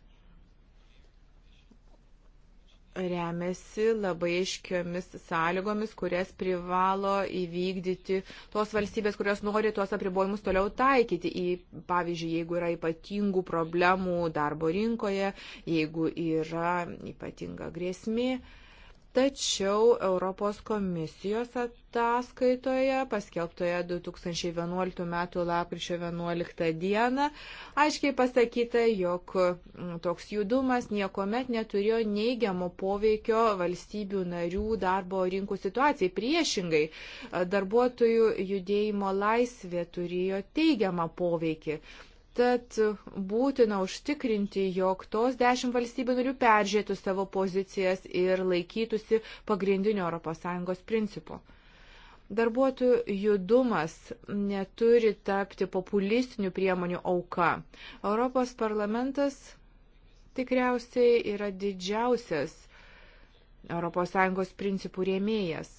[SPEAKER 2] remiasi labai aiškiomis sąlygomis, kurias privalo įvykdyti tos valstybės, kurios nori tuos apribojimus toliau taikyti. Į, pavyzdžiui, jeigu yra ypatingų problemų darbo rinkoje, jeigu yra ypatinga grėsmė. Uh, Tačiau Europos komisijos ataskaitoje, paskelbtoje 2011 m. lapkričio 11 d. aiškiai pasakyta, jog mm, toks judumas niekuomet neturėjo neigiamo poveikio valstybių narių darbo rinkų situacijai. Priešingai, darbuotojų judėjimo laisvė turėjo teigiamą poveikį. Tad būtina užtikrinti, jog tos dešimt valstybių narių peržiūrėtų savo pozicijas ir laikytųsi pagrindinio ES principų. Darbuotojų judumas neturi tapti populistinių priemonių auka. Europos parlamentas tikriausiai yra didžiausias ES principų rėmėjas.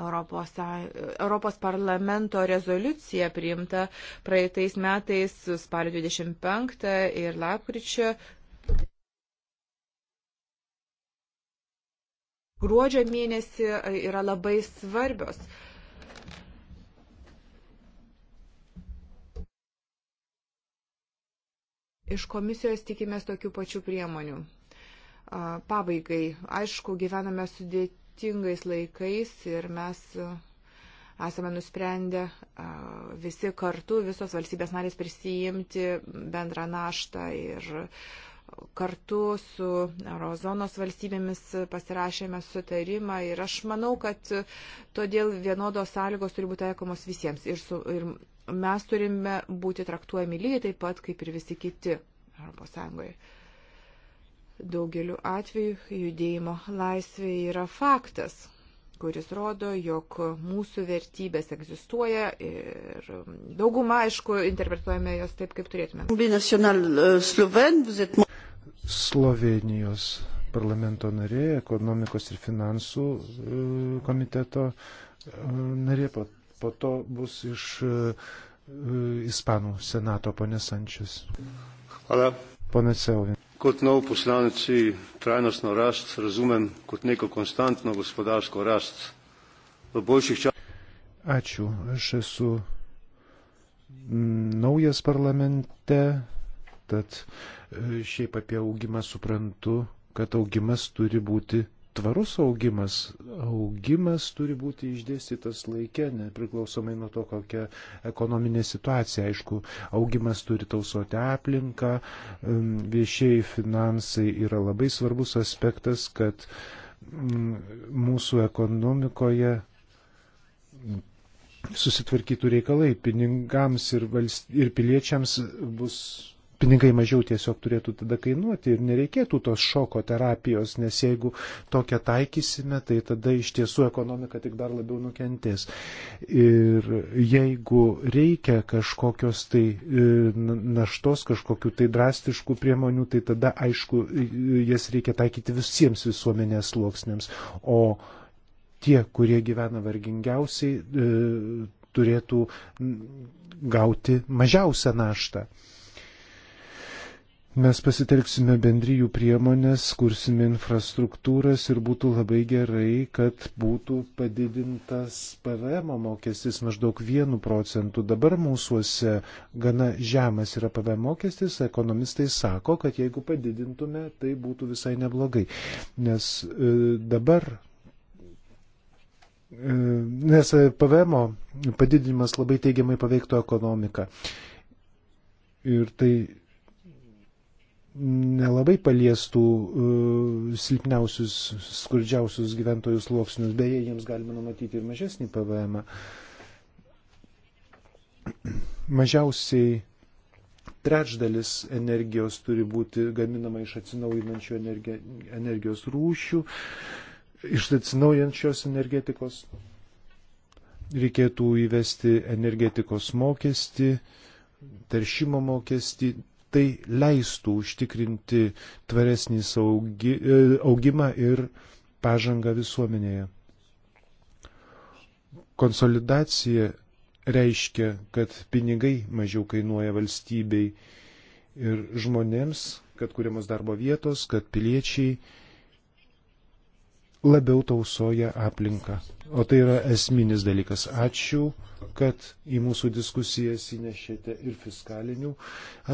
[SPEAKER 2] Europos, Europos parlamento rezoliucija priimta praeitais metais spalio 25 ir lapkričio gruodžio mėnesį yra labai svarbios. Iš komisijos tikimės tokių pačių priemonių. Pabaigai, aišku, gyvename sudėti sudėtingais laikais ir mes e, esame nusprendę e, visi kartu, visos valstybės narės prisijimti bendrą naštą ir kartu su Eurozonos valstybėmis pasirašėme sutarimą ir aš manau, kad todėl vienodos sąlygos turi būti taikomos visiems ir, su, ir mes turime būti traktuojami lygiai taip pat kaip ir visi kiti ES. Daugeliu atveju judėjimo laisvė yra faktas, kuris rodo, jog mūsų vertybės egzistuoja ir dauguma, aišku, interpretuojame jos taip, kaip turėtume.
[SPEAKER 3] Slovenijos parlamento narė, ekonomikos ir finansų e, komiteto e, narė, po, po to bus iš e, Ispanų senato ponė Sančius. Pana Seovin. Kot nov poslanec si trajnostno rast razumem kot neko konstantno gospodarsko rast. V boljših časih. Ačiū. Aš esu mm, naujas parlamente, tad e, šiaip apie augimą suprantu, kad augimas turi būti tvarus augimas, augimas turi būti išdėstytas laikė, nepriklausomai nuo to, kokia ekonominė situacija. Aišku, augimas turi tausoti aplinką, viešieji finansai yra labai svarbus aspektas, kad mūsų ekonomikoje susitvarkytų reikalai. Pinigams ir, valst... ir piliečiams bus pinigai mažiau tiesiog turėtų tada kainuoti ir nereikėtų tos šoko terapijos, nes jeigu tokią taikysime, tai tada iš tiesų ekonomika tik dar labiau nukentės. Ir jeigu reikia kažkokios tai e, naštos, kažkokių tai drastiškų priemonių, tai tada aišku, e, jas reikia taikyti visiems visuomenės sluoksnėms. O tie, kurie gyvena vargingiausiai, e, turėtų gauti mažiausią naštą. Mes pasitelksime bendryjų priemonės, kursime infrastruktūras ir būtų labai gerai, kad būtų padidintas PVM mokestis maždaug 1 procentų. Dabar mūsųse gana žemas yra PVM mokestis, ekonomistai sako, kad jeigu padidintume, tai būtų visai neblogai. Nes e, dabar e, nes e, PVM padidinimas labai teigiamai paveiktų ekonomiką. Ir tai nelabai paliestų e, silpniausius, skurdžiausius gyventojų sluoksnius, beje, jiems galima numatyti ir mažesnį PVM. Mažiausiai trečdalis energijos turi būti gaminama iš atsinaujinančių energijos rūšių, iš atsinaujančios energetikos. Reikėtų įvesti energetikos mokestį, teršimo mokestį, tai leistų užtikrinti tvaresnį saugi, e, augimą ir pažangą visuomenėje. Konsolidacija reiškia, kad pinigai mažiau kainuoja valstybei ir žmonėms, kad kūriamos darbo vietos, kad piliečiai labiau tausoja aplinką. O tai yra esminis dalykas. Ačiū, kad į mūsų diskusijas įnešėte ir fiskalinių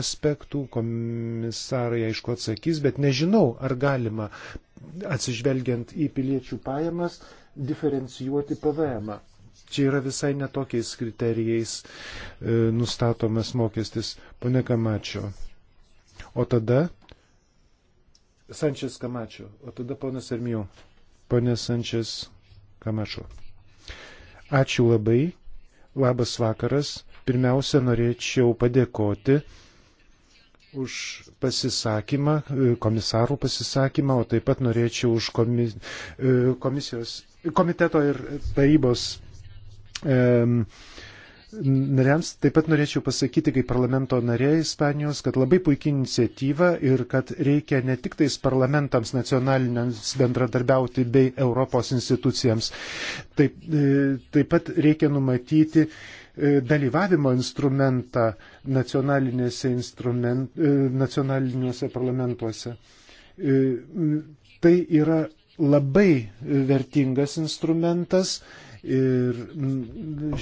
[SPEAKER 3] aspektų. Komisarai, aišku, atsakys, bet nežinau, ar galima, atsižvelgiant į piliečių pajamas, diferencijuoti PVM. -ą. Čia yra visai netokiais kriterijais e, nustatomas mokestis, pone Kamačio. O tada Sančias Kamačio, o tada ponas Ermijau panesančias Kamašo. Ačiū labai, labas vakaras. Pirmiausia, norėčiau padėkoti už pasisakymą, e, komisarų pasisakymą, o taip pat norėčiau už komi, e, komisijos, komiteto ir tarybos um, e, nariams taip pat norėčiau pasakyti, kaip parlamento narė Ispanijos, kad labai puikia iniciatyva ir kad reikia ne tik tais parlamentams nacionaliniams bendradarbiauti bei Europos institucijams. Taip, e, taip pat reikia numatyti e, dalyvavimo instrumentą nacionalinėse, instrument, e, nacionaliniuose parlamentuose. Tai yra labai vertingas instrumentas Ir nu,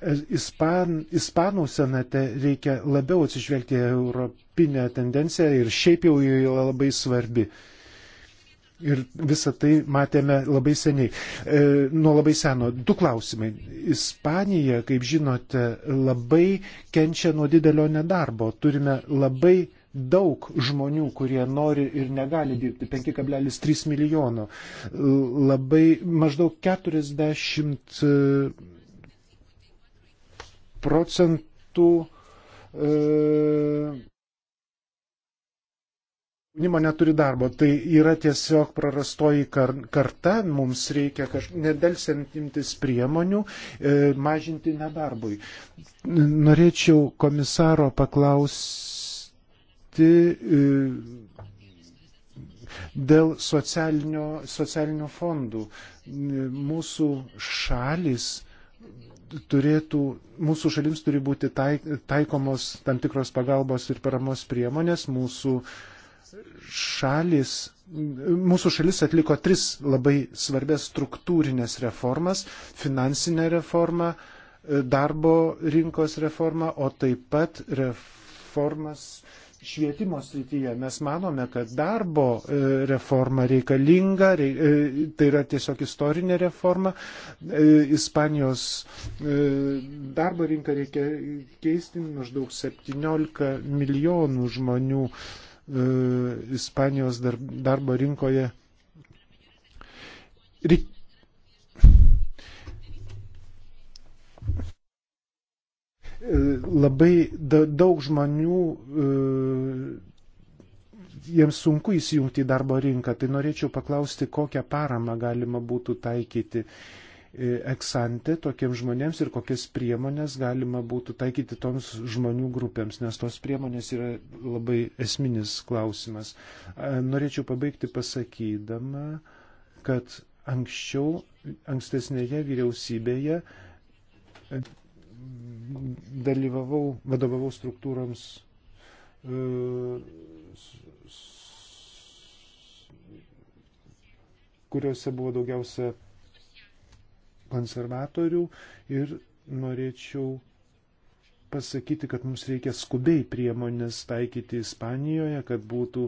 [SPEAKER 3] e, ispan, Ispanų senate reikia labiau atsižvelgti į europinę tendenciją ir šiaip jau jį labai svarbi. Ir visą tai matėme labai seniai, e, nuo labai seno. Du klausimai. Ispanija, kaip žinote, labai kenčia nuo didelio nedarbo. Turime labai daug žmonių, kurie nori ir negali dirbti, 5,3 milijono. Labai maždaug 40 e, procentų e, jaunimo neturi darbo. Tai yra tiesiog prarastoji kar karta, mums reikia nedelsiant imtis priemonių e, mažinti nedarbui. Norėčiau komisaro paklausti kiti e, dėl socialinio, socialinio fondų. E, mūsų šalis turėtų, mūsų šalims turi būti taik, taikomos tam tikros pagalbos ir paramos priemonės. Mūsų šalis, mūsų šalis atliko tris labai svarbės struktūrinės reformas - finansinę reformą, e, darbo rinkos reformą, o taip pat reformas švietimo srityje. Mes manome, kad darbo e, reforma reikalinga, e, tai yra tiesiog istorinė reforma. E, Ispanijos darbo rinką reikia keisti, maždaug 17 milijonų žmonių Ispanijos darbo rinkoje. Reik labai daug žmonių, e, jiems sunku įsijungti į darbo rinką. Tai norėčiau paklausti, kokią paramą galima būtų taikyti e, eksante tokiems žmonėms ir kokias priemonės galima būtų taikyti toms žmonių grupėms, nes tos priemonės yra labai esminis klausimas. Norėčiau pabaigti pasakydama, kad anksčiau, ankstesnėje vyriausybėje dalyvavau, vadovavau struktūroms e, kuriuose buvo daugiausia konservatorių ir norėčiau pasakyti, kad mums reikia skubiai priemonės taikyti Ispanijoje, kad būtų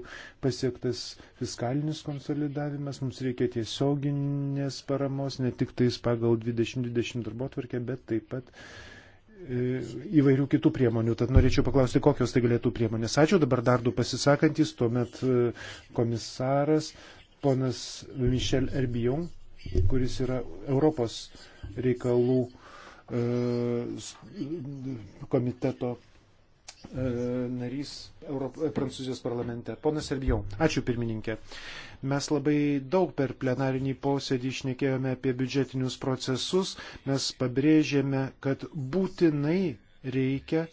[SPEAKER 3] pasiektas fiskalinis konsolidavimas, mums reikia tiesioginės paramos, ne tik tais pagal 2020 darbo tvarkę, bet taip pat uh, E, įvairių kitų priemonių. Tad norėčiau paklausti, kokios tai galėtų priemonės. Ačiū dabar dar du pasisakantis, tuomet e, komisaras ponas Mišel Erbijon, kuris yra Europos reikalų e, komiteto narys Prancūzijos parlamente. Ponas Erbijon, ačiū pirmininkė. Mes labai daug per plenarinį posėdį išnekėjome apie biudžetinius procesus, mes pabrėžėme, kad būtinai reikia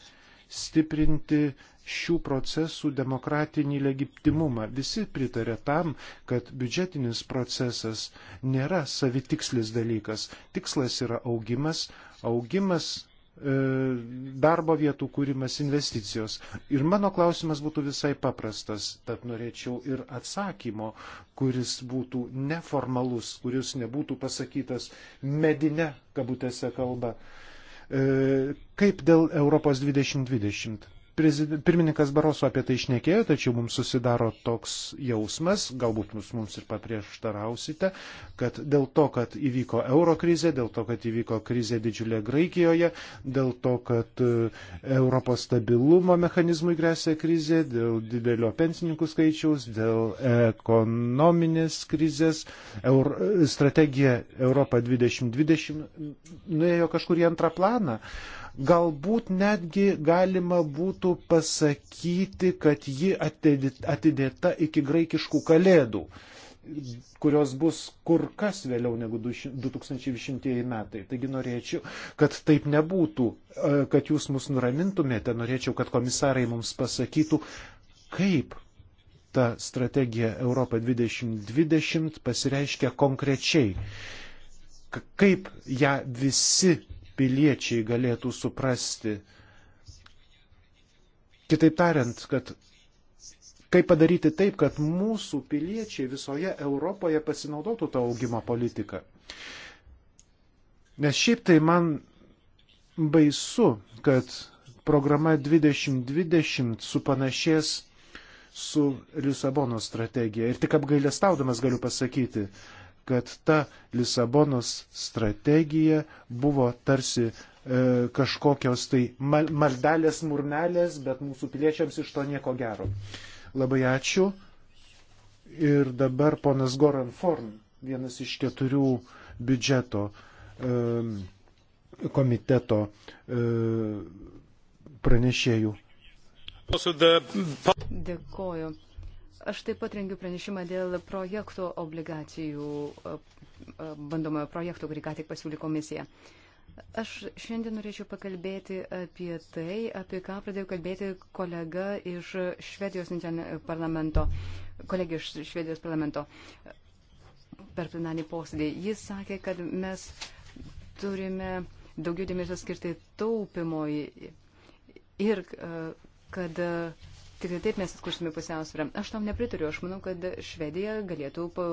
[SPEAKER 3] stiprinti šių procesų demokratinį legitimumą. Visi pritarė tam, kad biudžetinis procesas nėra savitikslis dalykas. Tikslas yra augimas, augimas E, darbo vietų kūrimas, investicijos. Ir mano klausimas būtų visai paprastas, tad norėčiau ir atsakymo, kuris būtų neformalus, kuris nebūtų pasakytas medinė, kabutėse kalba. E, kaip dėl Europos 2020? Pirmininkas Baroso apie tai išnekėjo, tačiau mums susidaro toks jausmas, galbūt jūs mums ir paprieštarausite, kad dėl to, kad įvyko euro krizė, dėl to, kad įvyko krizė didžiulė Graikijoje, dėl to, kad e, Europos stabilumo mechanizmui grėsia krizė, dėl didelio pensininkų skaičiaus, dėl ekonominės krizės, Euro, strategija Europa 2020 nuėjo kažkur į antrą planą. Uh, Galbūt netgi galima būtų pasakyti, kad ji atidėta iki graikiškų kalėdų, kurios bus kur kas vėliau negu 2020 metai. Taigi norėčiau, kad taip nebūtų, e, kad jūs mus nuramintumėte, norėčiau, kad komisarai mums pasakytų, kaip ta strategija Europa 2020 pasireiškia konkrečiai kaip ją visi piliečiai galėtų suprasti. Kitaip tariant, kad kaip padaryti taip, kad mūsų piliečiai visoje Europoje pasinaudotų tą augimo politiką. Nes šiaip tai man baisu, kad programa 2020 supanašės su Lisabono strategija. Ir tik apgailestaudamas galiu pasakyti, kad ta Lisabonos strategija buvo tarsi e, kažkokios tai mal maldelės murnelės, bet mūsų piliečiams iš to nieko gero. Labai ačiū. Ir dabar ponas Goran Form, vienas iš keturių biudžeto e, komiteto e, pranešėjų.
[SPEAKER 1] Dėkoju. Aš taip pat rengiu pranešimą dėl projektų obligacijų, e, e, bandomojo projekto, kurį ką tik pasiūlė komisija. Aš šiandien norėčiau pakalbėti apie tai, apie ką pradėjau kalbėti kolega iš Švedijos parlamento, kolegė iš Švedijos parlamento per plenarinį posėdį. Jis sakė, kad mes turime daugiau dėmesio skirti taupimui ir e, kad uh, Tik tai taip mes atkursime pusiausvyrą. Aš tam nepritariu. Aš manau, kad Švedija galėtų pa,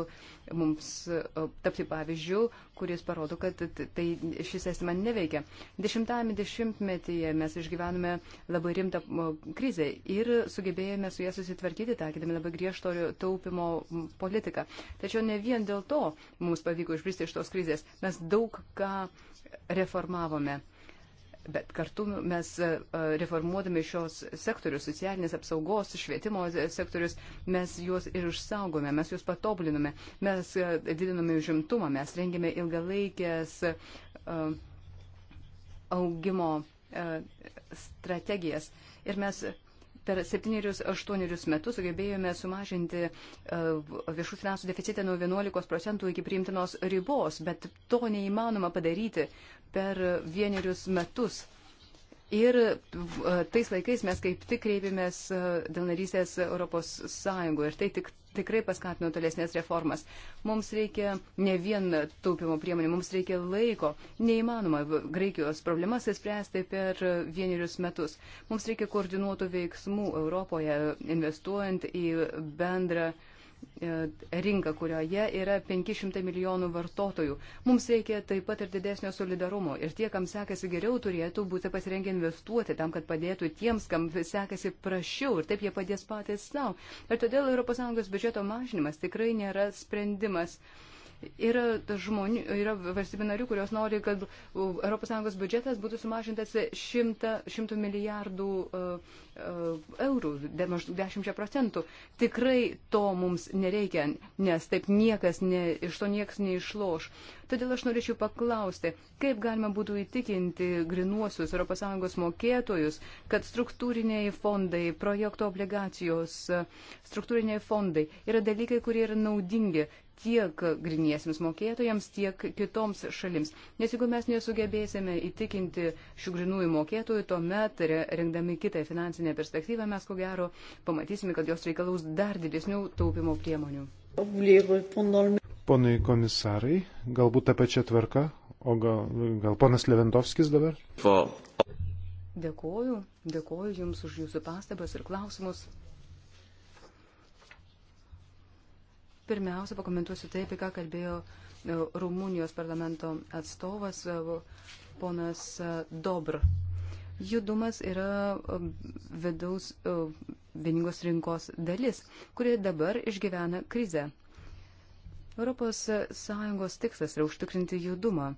[SPEAKER 1] mums e, tapti pavyzdžių, kuris parodo, kad tai šis sistema neveikia. Dešimtame dešimtmetyje mes išgyvenome labai rimtą krizę ir sugebėjome su ją susitvarkyti, takydami labai griežto taupimo politiką. Tačiau ne vien dėl to mums pavyko išbristi iš tos krizės. Mes daug ką reformavome. Bet kartu mes e, e, reformuodami šios sektorius, socialinės apsaugos, švietimo sektorius, mes juos ir išsaugome, mes juos patobulinome, mes e, didiname užimtumą, mes rengėme ilgalaikės augimo strategijas. Ir mes per septynerius, aštuonerius metus sugebėjome sumažinti viešų finansų deficitą nuo 11 procentų iki priimtinos ribos, bet to neįmanoma padaryti per vienerius metus. Ir tais laikais mes kaip tik kreipėmės e, dėl narystės Europos Sąjungoje ir tai tik, tikrai paskatino tolesnės reformas. Mums reikia ne vien taupimo priemonių, mums reikia laiko. Neįmanoma Graikijos problemas įspręsti per vienerius metus. Mums reikia koordinuotų veiksmų Europoje, investuojant į bendrą uh, E, rinką, kurioje yra 500 milijonų vartotojų. Mums reikia taip pat ir didesnio solidarumo. Ir tie, kam sekasi geriau, turėtų būti pasirengę investuoti tam, kad padėtų tiems, kam sekasi prašiau. Ir taip jie padės patys savo. Ir todėl ES biudžeto mažinimas tikrai nėra sprendimas. Uh, Yra, žmonių, yra valstybių narių, kurios nori, kad ES biudžetas būtų sumažintas 100, 100 milijardų e, e, eurų, maždaug 10 procentų. Tikrai to mums nereikia, nes taip niekas, ne, iš to niekas neišloš. Todėl aš norėčiau paklausti, kaip galima būtų įtikinti grinuosius ES mokėtojus, kad struktūriniai fondai, projekto obligacijos, struktūriniai fondai yra dalykai, kurie yra naudingi tiek griniesiams mokėtojams, tiek kitoms šalims. Nes jeigu mes nesugebėsime įtikinti šių grinųjų mokėtojų, tuomet, rengdami kitą finansinę perspektyvą, mes ko gero pamatysime, kad jos reikalaus dar didesnių taupimo priemonių
[SPEAKER 3] ponui komisarai, galbūt tą pačią tvarką, o gal, gal ponas Leventovskis dabar?
[SPEAKER 1] Dėkuoju, dėkuoju Jums už Jūsų pastabas ir klausimus. Pirmiausia, pakomentuosiu taip, ką kalbėjo e, Rumunijos parlamento atstovas e, ponas e, Dobr. Judumas yra vidaus vieningos rinkos dalis, kuri dabar išgyvena krizę. ES tikslas yra užtikrinti judumą.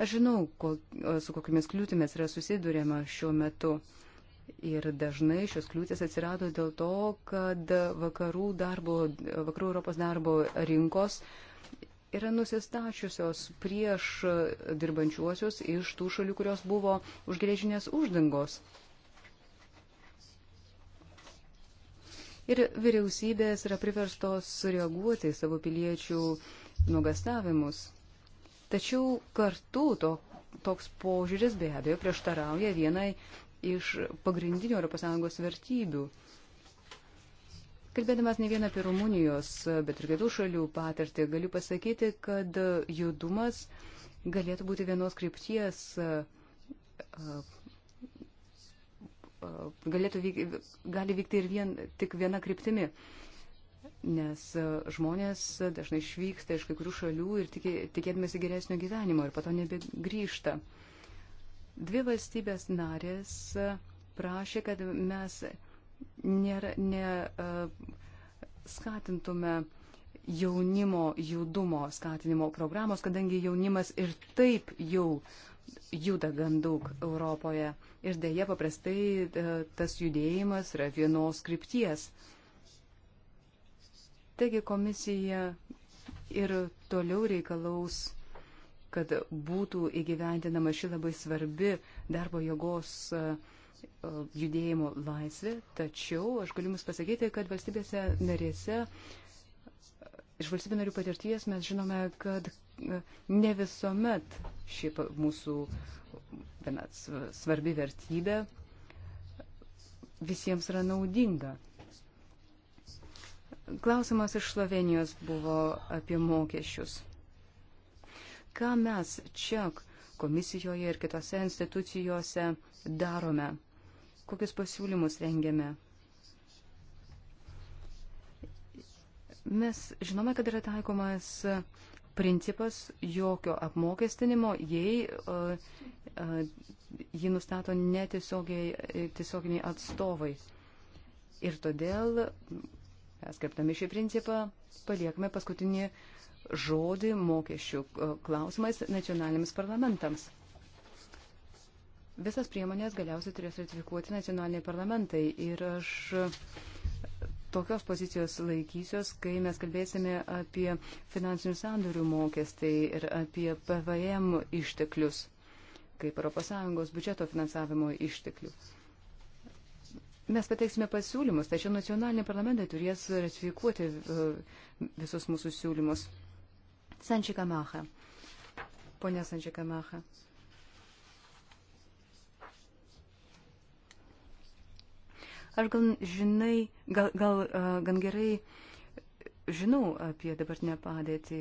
[SPEAKER 1] Aš žinau, kol, su kokiamis kliūtimis yra susidurėma šiuo metu. Ir dažnai šios kliūtis atsirado dėl to, kad vakarų, darbo, vakarų Europos darbo rinkos yra nusistačiusios prieš dirbančiuosius iš tų šalių, kurios buvo už geležinės uždangos. ir vyriausybės yra priverstos sureaguoti savo piliečių nuogastavimus. Tačiau kartu to, toks požiūris be abejo prieštarauja vienai iš pagrindinių ES vertybių. Kalbėdamas ne vieną apie Rumunijos, bet ir kitų šalių patirtį, galiu pasakyti, kad judumas galėtų būti vienos krypties E, galėtų vyk, gali vykti ir vien, tik viena kryptimi. Nes e, žmonės dažnai išvyksta iš kai kurių šalių ir tikė, tikėdamėsi geresnio gyvenimo ir pato nebegrįžta. Dvi valstybės narės e, prašė, kad mes nėra, ne, skatintume jaunimo judumo skatinimo programos, kadangi jaunimas ir taip jau uh, juda gan daug Europoje ir dėja paprastai e, tas judėjimas yra vienos krypties. Taigi komisija ir toliau reikalaus, kad būtų įgyvendinama ši labai svarbi darbo jėgos e, e, judėjimo laisvė, tačiau aš galiu Jums pasakyti, kad valstybėse narėse, iš valstybė narių patirties mes žinome, kad ne visuomet ši mūsų viena svarbi vertybė visiems yra naudinga. Klausimas iš Slovenijos buvo apie mokesčius. Ką mes čia komisijoje ir kitose institucijose darome? Kokius pasiūlymus rengiame? Mes žinome, kad yra taikomas principas jokio apmokestinimo, jei uh, uh, jį nustato netiesioginiai e, atstovai. Ir todėl mes, karptami šį principą, paliekame paskutinį žodį mokesčių klausimais nacionaliniams parlamentams. Visas priemonės galiausiai turės ratifikuoti nacionaliniai parlamentai ir aš uh, tokios pozicijos laikysios, kai mes kalbėsime apie finansinių sandorių mokestį ir apie PVM išteklius, kaip ES biudžeto finansavimo išteklių. Mes pateiksime pasiūlymus, tačiau nacionaliniai parlamentai turės ratifikuoti uh, visus mūsų siūlymus. Sančikamacha. Pone Sančikamacha. Aš gal žinai, gal, gal gan gerai žinau apie dabartinę padėtį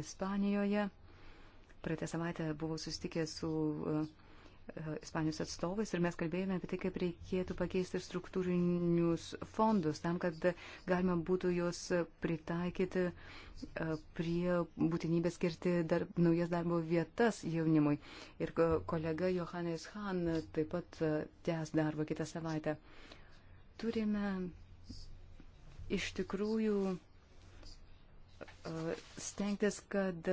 [SPEAKER 1] Ispanijoje. Praeitą savaitę buvau susitikęs su Ispanijos atstovais ir mes kalbėjome apie tai, kaip reikėtų pakeisti struktūrinius fondus tam, kad galima būtų juos pritaikyti prie būtinybės skirti dar, naujas darbo vietas jaunimui. Ir kolega Johannes Han taip pat tęs darbą kitą savaitę turime iš tikrųjų e, stengtis, kad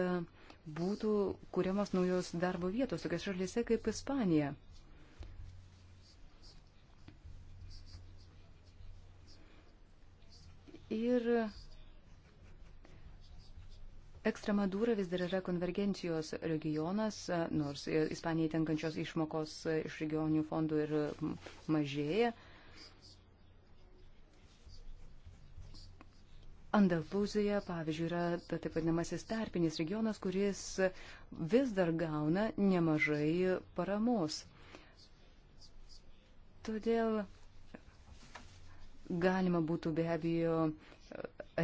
[SPEAKER 1] būtų kuriamos naujos darbo vietos tokias šalyse kaip Ispanija. Ir Ekstremadūra vis dar yra konvergencijos regionas, nors Ispanijai tenkančios išmokos iš regioninių fondų ir mažėja. Andalūzija, pavyzdžiui, yra taip vadinamasis tarpinis regionas, kuris vis dar gauna nemažai paramos. Todėl galima būtų be abejo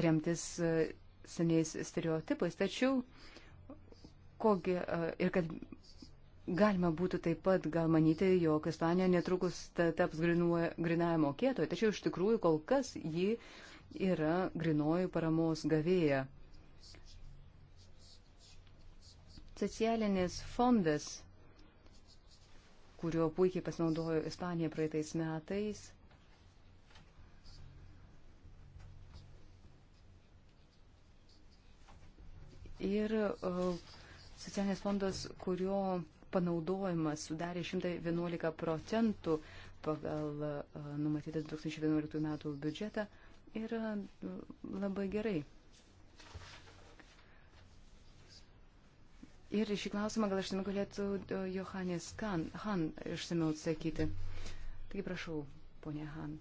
[SPEAKER 1] remtis seniais stereotipais, tačiau kogi, ir kad Galima būtų taip pat gal manyti, jog Ispanija netrukus taps grinuoja, grinavimo mokėtoja, tačiau iš tikrųjų kol kas ji uh, yra grinoji paramos gavėja. Socialinis fondas, kurio puikiai pasinaudojo Ispanija praeitais metais, ir socialinis fondas, kurio panaudojimas sudarė 111 procentų pagal numatytą 2011 metų biudžetą, yra labai gerai. Ir šį klausimą gal aš ten galėtų e, Johannes kan, Han išsameu atsakyti. Taigi prašau, ponė Han.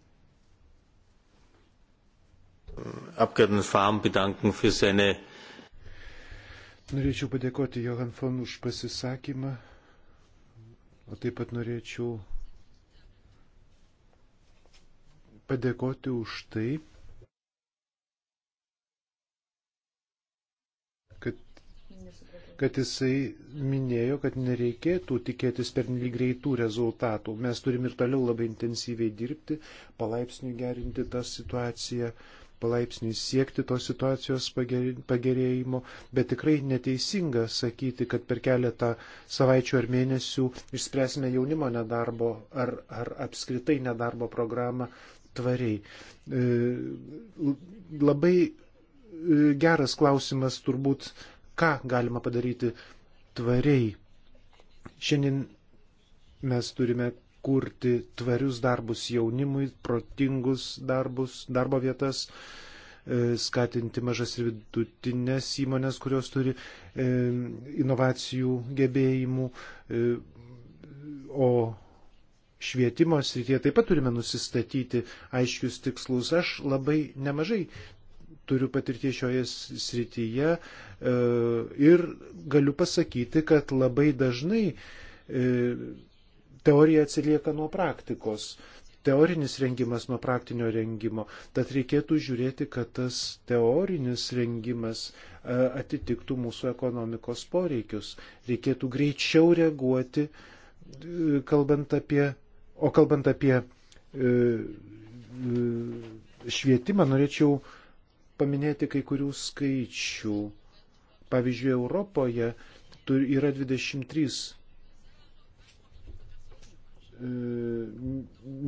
[SPEAKER 1] Abgeordneten Farm bedanken für seine.
[SPEAKER 3] Norėčiau padėkoti Johan Fon už pasisakymą, o taip pat norėčiau padėkoti už taip, kad jisai minėjo, kad nereikėtų tikėtis per greitų rezultatų. Mes turim ir toliau labai intensyviai dirbti, palaipsniui gerinti tą situaciją, palaipsniui siekti tos situacijos pagerėjimo, bet tikrai neteisinga sakyti, kad per keletą savaičių ar mėnesių išspręsime jaunimo nedarbo ar, ar apskritai nedarbo programą tvariai. E, labai e, geras klausimas turbūt ką galima padaryti tvariai. Šiandien mes turime kurti tvarius darbus jaunimui, protingus darbus, darbo vietas, e, skatinti mažas ir vidutinės įmonės, kurios turi e, inovacijų gebėjimų, e, o švietimo srityje taip pat turime nusistatyti aiškius tikslus. Aš labai nemažai turiu patirties šioje srityje e, ir galiu pasakyti, kad labai dažnai e, teorija atsilieka nuo praktikos. Teorinis rengimas nuo praktinio rengimo. Tad reikėtų žiūrėti, kad tas teorinis rengimas e, atitiktų mūsų ekonomikos poreikius. Reikėtų greičiau reaguoti, kalbant apie, o kalbant apie švietimą, norėčiau paminėti kai kurių skaičių. Pavyzdžiui, Europoje yra 23 e,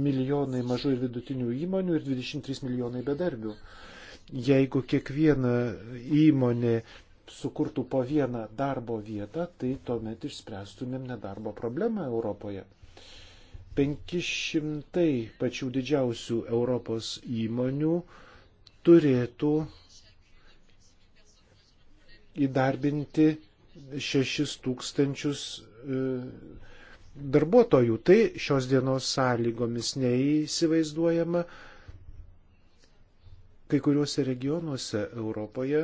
[SPEAKER 3] milijonai mažų ir vidutinių įmonių ir 23 milijonai bedarbių. Jeigu kiekviena įmonė sukurtų po vieną darbo vietą, tai tuomet išspręstumėm nedarbo problemą Europoje. 500 pačių didžiausių Europos įmonių uh, turėtų įdarbinti 6 tūkstančius e, darbuotojų. Tai šios dienos sąlygomis neįsivaizduojama. Kai kuriuose regionuose Europoje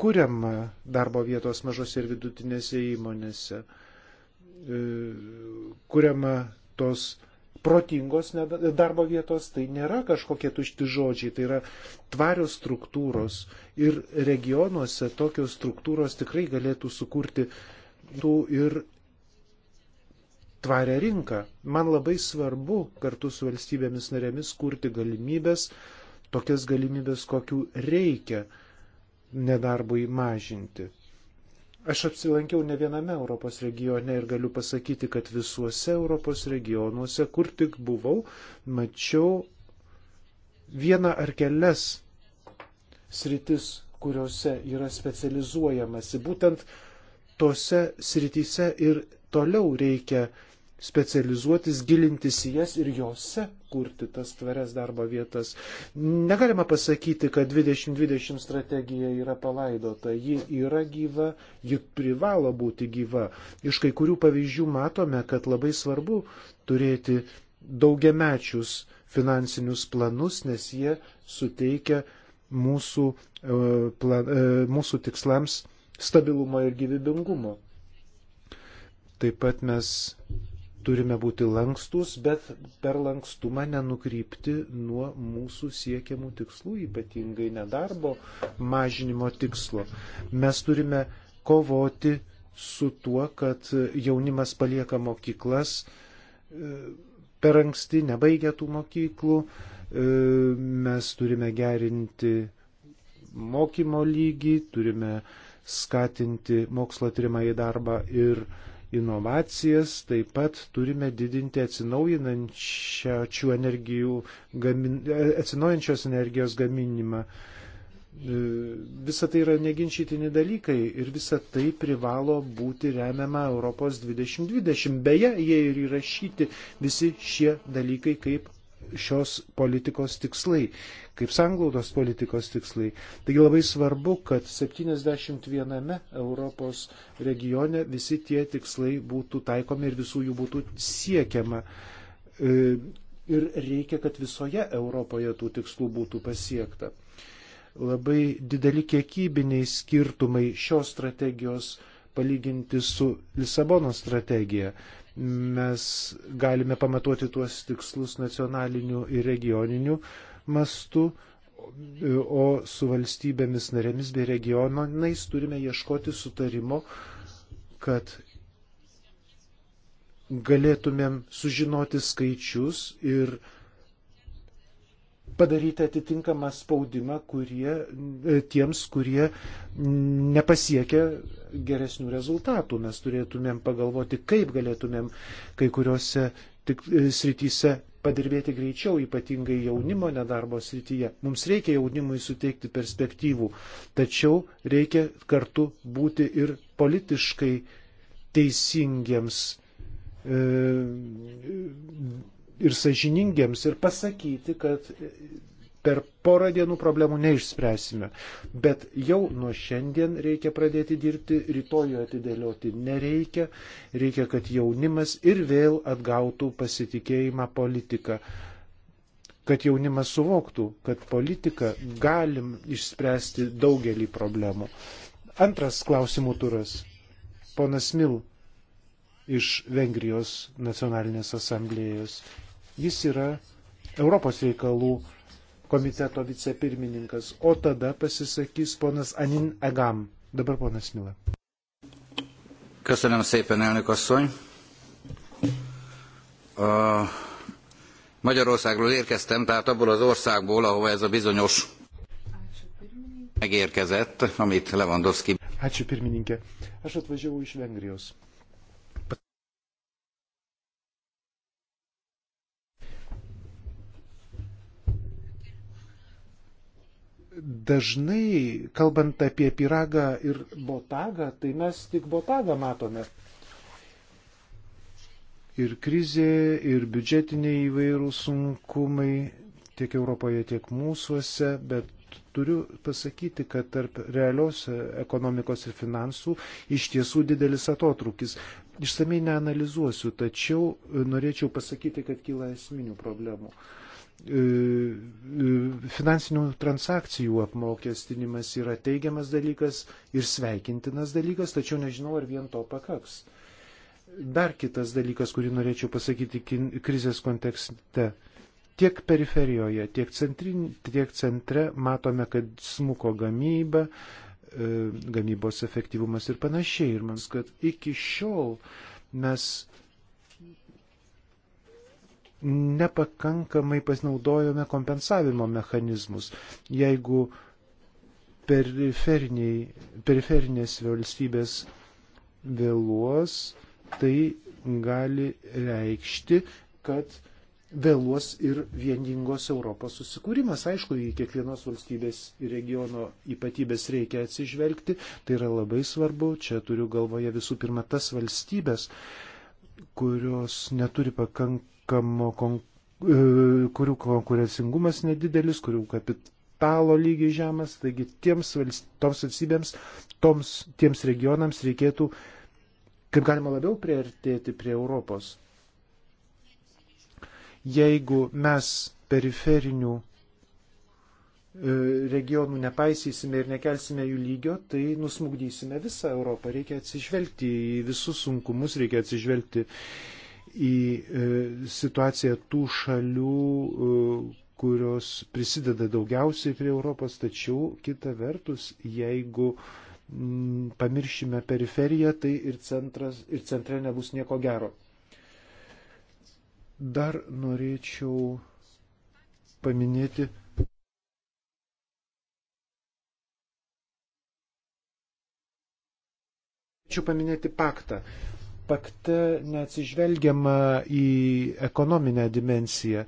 [SPEAKER 3] kuriama darbo vietos mažose ir vidutinėse įmonėse, e, kuriama tos protingos darbo vietos, tai nėra kažkokie tušti žodžiai, tai yra tvarios struktūros ir regionuose tokios struktūros tikrai galėtų sukurti tų ir tvarę rinką. Man labai svarbu kartu su valstybėmis narėmis kurti galimybės, tokias galimybės, kokių reikia nedarbui mažinti. Aš apsilankiau ne viename Europos regione ir galiu pasakyti, kad visuose Europos regionuose, kur tik buvau, mačiau vieną ar kelias sritis, kuriuose yra specializuojamasi. Būtent tose srityse ir toliau reikia specializuotis, gilintis į jas ir jose kurti tas tvarias darbo vietas. Negalima pasakyti, kad 2020 strategija yra palaidota. Ji yra gyva, ji privalo būti gyva. Iš kai kurių pavyzdžių matome, kad labai svarbu turėti daugiamečius finansinius planus, nes jie suteikia mūsų, e, plan, e, mūsų tikslams stabilumo ir gyvybingumo. Taip pat mes Turime būti lankstus, bet per lankstumą nenukrypti nuo mūsų siekiamų tikslų, ypatingai nedarbo mažinimo tikslo. Mes turime kovoti su tuo, kad jaunimas palieka mokyklas, e, per anksti nebaigia tų mokyklų, e, mes turime gerinti mokymo lygį, turime skatinti mokslo tyrimą į darbą ir e, inovacijas, taip pat turime didinti energijų, gamin, atsinaujančios energijos gaminimą. E, visa tai yra neginčytini dalykai ir visa tai privalo būti remiama Europos 2020. Beje, jie ir įrašyti visi šie dalykai kaip šios politikos tikslai, kaip sanglaudos politikos tikslai. Taigi labai svarbu, kad 71 Europos regione visi tie tikslai būtų taikomi ir visų jų būtų siekiama. E, ir reikia, kad visoje Europoje tų tikslų būtų pasiekta. Labai dideli kiekybiniai skirtumai šios strategijos palyginti su Lisabono strategija mes galime pamatuoti tuos tikslus nacionaliniu ir regioniniu mastu, o su valstybėmis narėmis bei regionais turime ieškoti sutarimo, kad galėtumėm sužinoti skaičius ir padaryti atitinkamą spaudimą kurie, e, tiems, kurie nepasiekia geresnių rezultatų. Mes turėtumėm pagalvoti, kaip galėtumėm kai kuriuose tik, e, srityse padirbėti greičiau, ypatingai jaunimo nedarbo srityje. Mums reikia jaunimui suteikti perspektyvų, tačiau reikia kartu būti ir politiškai teisingiems e, ir sažiningiems ir pasakyti, kad per porą dienų problemų neišspręsime. Bet jau nuo šiandien reikia pradėti dirbti, rytojų atidėlioti nereikia, reikia, kad jaunimas ir vėl atgautų pasitikėjimą politiką, kad jaunimas suvoktų, kad politiką galim išspręsti daugelį problemų. Antras klausimų turas. Ponas Mil iš Vengrijos nacionalinės asamblėjos. Jis yra Europos reikalų komiteto vicepirmininkas, o tada pasisakys ponas Anin Agam. Dabar ponas Mila.
[SPEAKER 2] Köszönöm szépen, elnök asszony. A Magyarországról érkeztem, tehát abból az országból, ahova ez a bizonyos megérkezett, amit Lewandowski.
[SPEAKER 3] Ačiū pirmininkė. Aš atvažiavau iš Vengrijos. dažnai, kalbant apie piragą ir botagą, tai mes tik botagą matome. Ir krizė, ir biudžetiniai įvairūs sunkumai tiek Europoje, tiek mūsųse, bet turiu pasakyti, kad tarp realios ekonomikos ir finansų iš tiesų didelis atotrukis. Išsamei neanalizuosiu, tačiau norėčiau pasakyti, kad kyla esminių problemų. Uh, E, e, finansinių transakcijų apmokestinimas yra teigiamas dalykas ir sveikintinas dalykas, tačiau nežinau, ar vien to pakaks. Dar kitas dalykas, kurį norėčiau pasakyti krizės kontekste. Tiek periferijoje, tiek, centrin, tiek centre matome, kad smuko gamyba, e, gamybos efektyvumas ir panašiai. Ir man, kad iki šiol mes nepakankamai pasinaudojome kompensavimo mechanizmus. Jeigu periferinės valstybės vėluos, tai gali reikšti, kad vėluos ir vieningos Europos susikūrimas. Aišku, į kiekvienos valstybės ir regiono ypatybės reikia atsižvelgti, tai yra labai svarbu, čia turiu galvoje visų pirma tas valstybės, kurios neturi pakankamai tinkamo, e, kurių konkurencingumas nedidelis, kurių kapitalo lygiai žemas, taigi tiems toms valstybėms, toms, tiems regionams reikėtų kaip galima labiau priartėti prie Europos. Jeigu mes periferinių e, regionų nepaisysime ir nekelsime jų lygio, tai nusmugdysime visą Europą. Reikia atsižvelgti į visus sunkumus, reikia atsižvelgti į e, situaciją tų šalių, e, kurios prisideda daugiausiai prie Europos, tačiau kita vertus, jeigu pamiršime periferiją, tai ir, centras, ir centre nebus nieko gero. Dar norėčiau paminėti Norėčiau paminėti paktą pakte neatsižvelgiama į ekonominę dimensiją.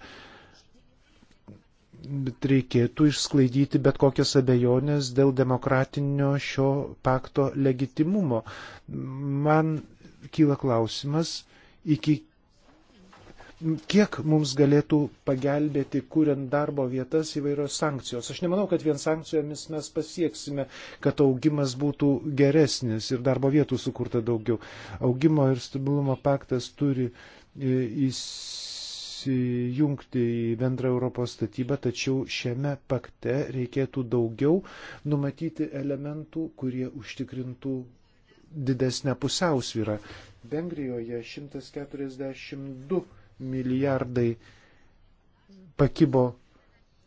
[SPEAKER 3] Bet reikėtų išsklaidyti bet kokias abejonės dėl demokratinio šio pakto legitimumo. Man kyla klausimas, iki kiek mums galėtų pagelbėti, kuriant darbo vietas įvairios sankcijos. Aš nemanau, kad vien sankcijomis mes pasieksime, kad augimas būtų geresnis ir darbo vietų sukurta daugiau. Augimo ir stabilumo paktas turi e, įsijungti į bendrą Europos statybą, tačiau šiame pakte reikėtų daugiau numatyti elementų, kurie užtikrintų didesnę pusiausvyrą. Vengrijoje 142 milijardai pakibo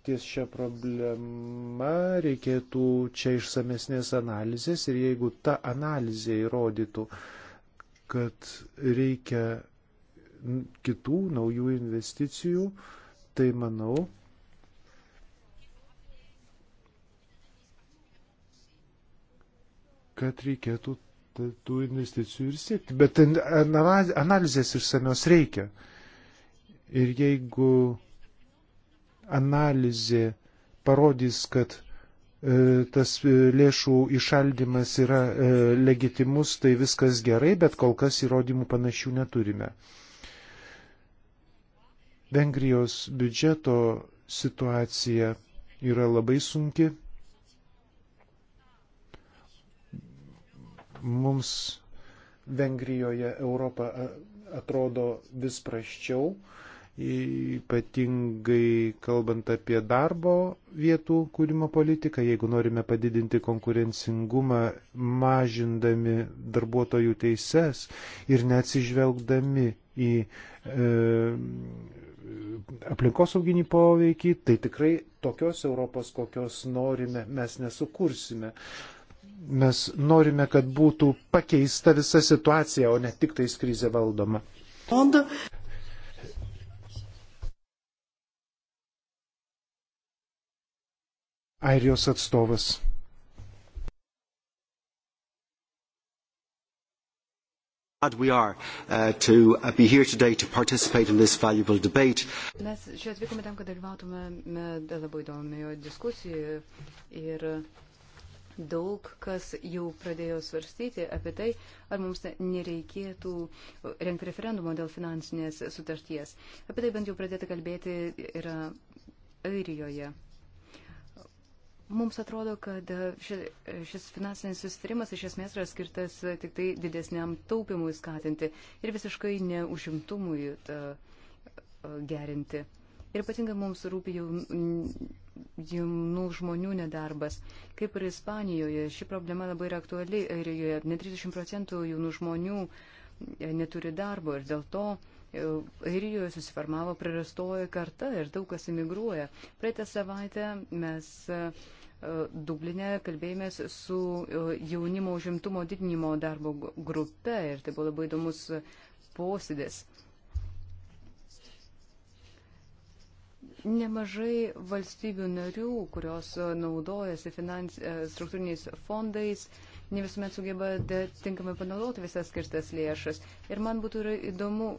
[SPEAKER 3] ties šią problemą, reikėtų čia išsamesnės analizės ir jeigu ta analizė įrodytų, kad reikia kitų naujų investicijų, tai manau, kad reikėtų tų investicijų ir siekti. Bet analizės išsamios reikia. Ir jeigu analizė parodys, kad e, tas e, lėšų išaldimas yra e, legitimus, tai viskas gerai, bet kol kas įrodymų panašių neturime. Vengrijos biudžeto situacija yra labai sunki. Mums Vengrijoje Europą atrodo vis praščiau. Uh, ypatingai kalbant apie darbo vietų kūrimo politiką, jeigu norime padidinti konkurencingumą, mažindami darbuotojų teises ir neatsižvelgdami į e, aplinkosauginį poveikį, tai tikrai tokios Europos, kokios norime, mes nesukursime mes norime, kad būtų pakeista visa situacija, o ne tik tais krizė valdoma. Airijos atstovas. glad we are uh, to uh, be here today to participate in this valuable
[SPEAKER 1] debate. Mes čia atvykome tam, kad dalyvautumėme labai įdomioje diskusijoje ir daug kas jau pradėjo svarstyti apie tai, ar mums nereikėtų renkti referendumo dėl finansinės sutarties. Apie tai bent jau pradėta kalbėti yra Airijoje. Mums atrodo, kad e, e, šis finansinis susitarimas iš esmės yra skirtas e, tik tai didesniam taupimui skatinti ir visiškai neužimtumui gerinti. Ir ypatingai mums rūpi mm, jaunų žmonių nedarbas. Kaip ir Ispanijoje, ši problema labai yra aktuali ir joje net 30 procentų jaunų žmonių neturi darbo ir dėl to uh, Airijoje susiformavo prirastoji karta ir daug kas emigruoja. Praeitą savaitę mes e, Dublinė kalbėjomės su e, jaunimo užimtumo didinimo darbo grupe ir tai buvo labai įdomus posėdis. Nemažai valstybių narių, kurios e, naudojasi finans, struktūriniais fondais, uh, ne visuomet sugeba tinkamai panaudoti visas skirtas lėšas. Ir man būtų įdomu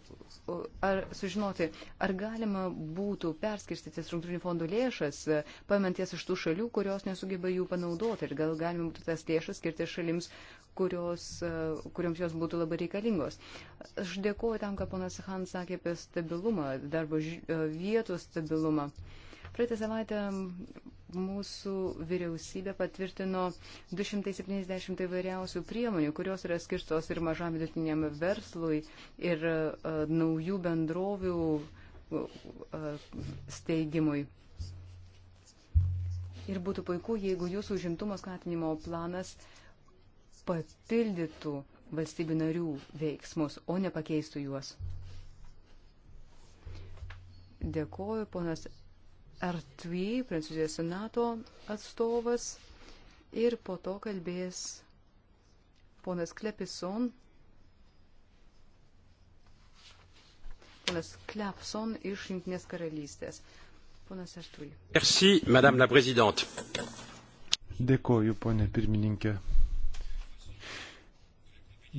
[SPEAKER 1] ar, sužinoti, ar galima būtų perskirstyti struktūrinių fondų lėšas, e, pamanties iš tų šalių, kurios nesugeba jų panaudoti. Ir gal galima būtų tas lėšas skirti šalims, kurios, e, kuriams jos būtų labai reikalingos. Aš dėkuoju tam, ką ponas Han sakė apie stabilumą, darbo e, vietų stabilumą. Praeitą savaitę mūsų vyriausybė patvirtino 270 įvairiausių priemonių, kurios yra skirtos ir mažam vidutiniam verslui, ir uh, naujų bendrovių uh, steigimui. Ir būtų puiku, jeigu jūsų užimtumo skatinimo planas papildytų valstybių narių veiksmus, o ne pakeistų juos. Dėkuoju, ponas Artvijai, Prancūzijos senato atstovas ir po to kalbės ponas Klepison, ponas Klepson iš Junktinės karalystės. Ponas Artvijai. Merci, Madame la
[SPEAKER 2] Présidente.
[SPEAKER 3] Dėkoju, ponė pirmininkė.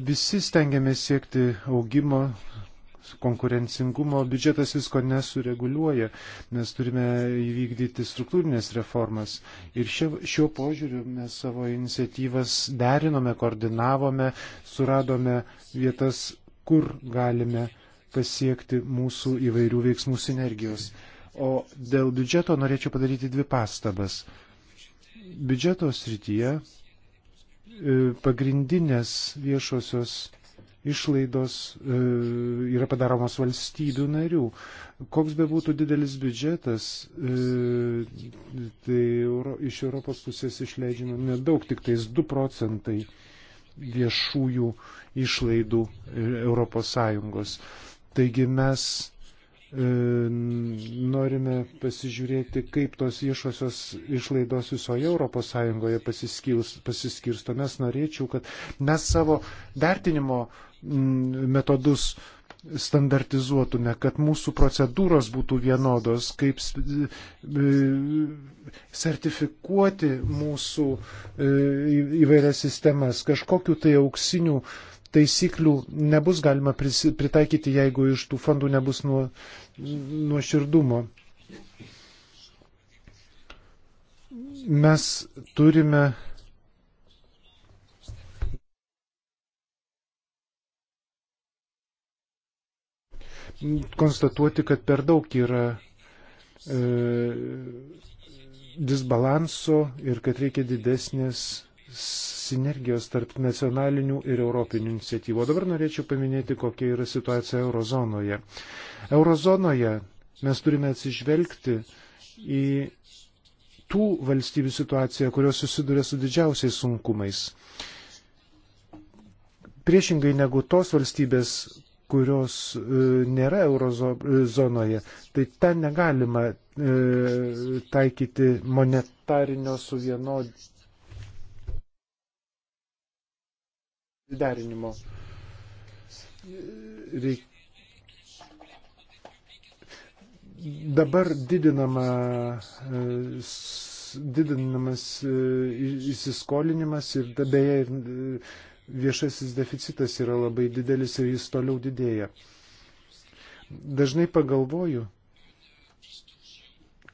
[SPEAKER 3] Visi stengiamės siekti augimo, konkurencingumo biudžetas visko nesureguliuoja. Mes turime įvykdyti struktūrinės reformas. Ir šio, šiuo požiūriu mes savo iniciatyvas derinome, koordinavome, suradome vietas, kur galime pasiekti mūsų įvairių veiksmų sinergijos. O dėl biudžeto norėčiau padaryti dvi pastabas. Biudžeto srityje e, pagrindinės viešosios išlaidos e, yra padaromos valstybių narių. Koks be būtų didelis biudžetas, e, tai euro, iš Europos pusės išleidžiama nedaug, tik tais 2 procentai viešųjų išlaidų e, Europos Sąjungos. Taigi mes E, norime pasižiūrėti, kaip tos viešosios išlaidos visoje ES pasiskirsto. Mes norėčiau, kad mes savo vertinimo mm, metodus standartizuotume, kad mūsų procedūros būtų vienodos, kaip e, sertifikuoti mūsų e, įvairias sistemas, kažkokiu tai auksiniu taisyklių nebus galima pritaikyti, jeigu iš tų fondų nebus nuo, nuo širdumo. Mes turime. Konstatuoti, kad per daug yra e, disbalanso ir kad reikia didesnės sinergijos tarp nacionalinių ir europinių iniciatyvų. O dabar norėčiau paminėti, kokia yra situacija eurozonoje. Eurozonoje mes turime atsižvelgti į tų valstybių situaciją, kurios susiduria su didžiausiais sunkumais. Priešingai negu tos valstybės, kurios e, nėra eurozonoje, e, tai ten negalima e, taikyti monetarinio suvienodinimo derinimo. Reik... Dabar didinama, e, didinamas e, įsiskolinimas ir beje ir e, viešasis deficitas yra labai didelis ir jis toliau didėja. Dažnai pagalvoju,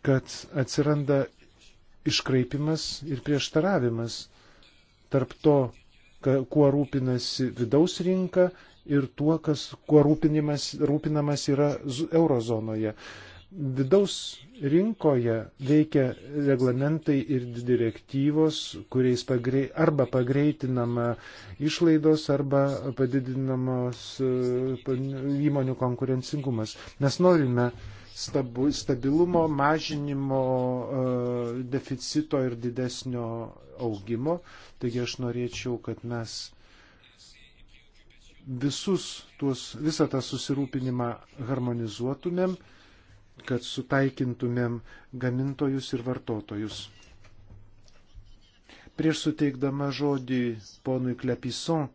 [SPEAKER 3] kad atsiranda iškraipimas ir prieštaravimas tarp to, kuo rūpinasi vidaus rinka ir tuo, kas, kuo rūpinimas, rūpinamas yra eurozonoje. Vidaus rinkoje veikia reglamentai ir direktyvos, kuriais pagrei, arba pagreitinama išlaidos, arba padidinamas e, įmonių konkurencingumas. Mes norime uh, stabilumo, mažinimo, e, deficito ir didesnio augimo. Taigi aš norėčiau, kad mes visus tuos, visą tą susirūpinimą harmonizuotumėm, kad sutaikintumėm gamintojus ir vartotojus. Prieš suteikdama žodį ponui Klepison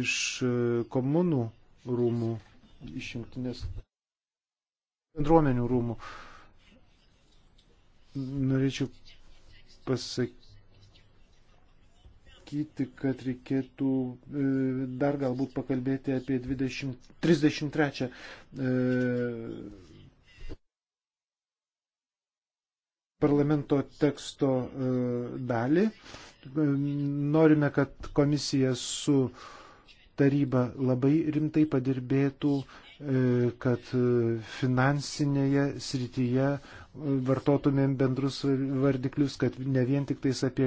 [SPEAKER 3] iš e, komunų rūmų iš jungtinės bendruomenių rūmų. Norėčiau pasakyti, kad reikėtų e, dar galbūt pakalbėti apie 20, 33 e, parlamento teksto e, dalį. Norime, kad komisija su taryba labai rimtai padirbėtų E, kad e, finansinėje srityje e, vartotumėm bendrus vardiklius, kad ne vien tik tais apie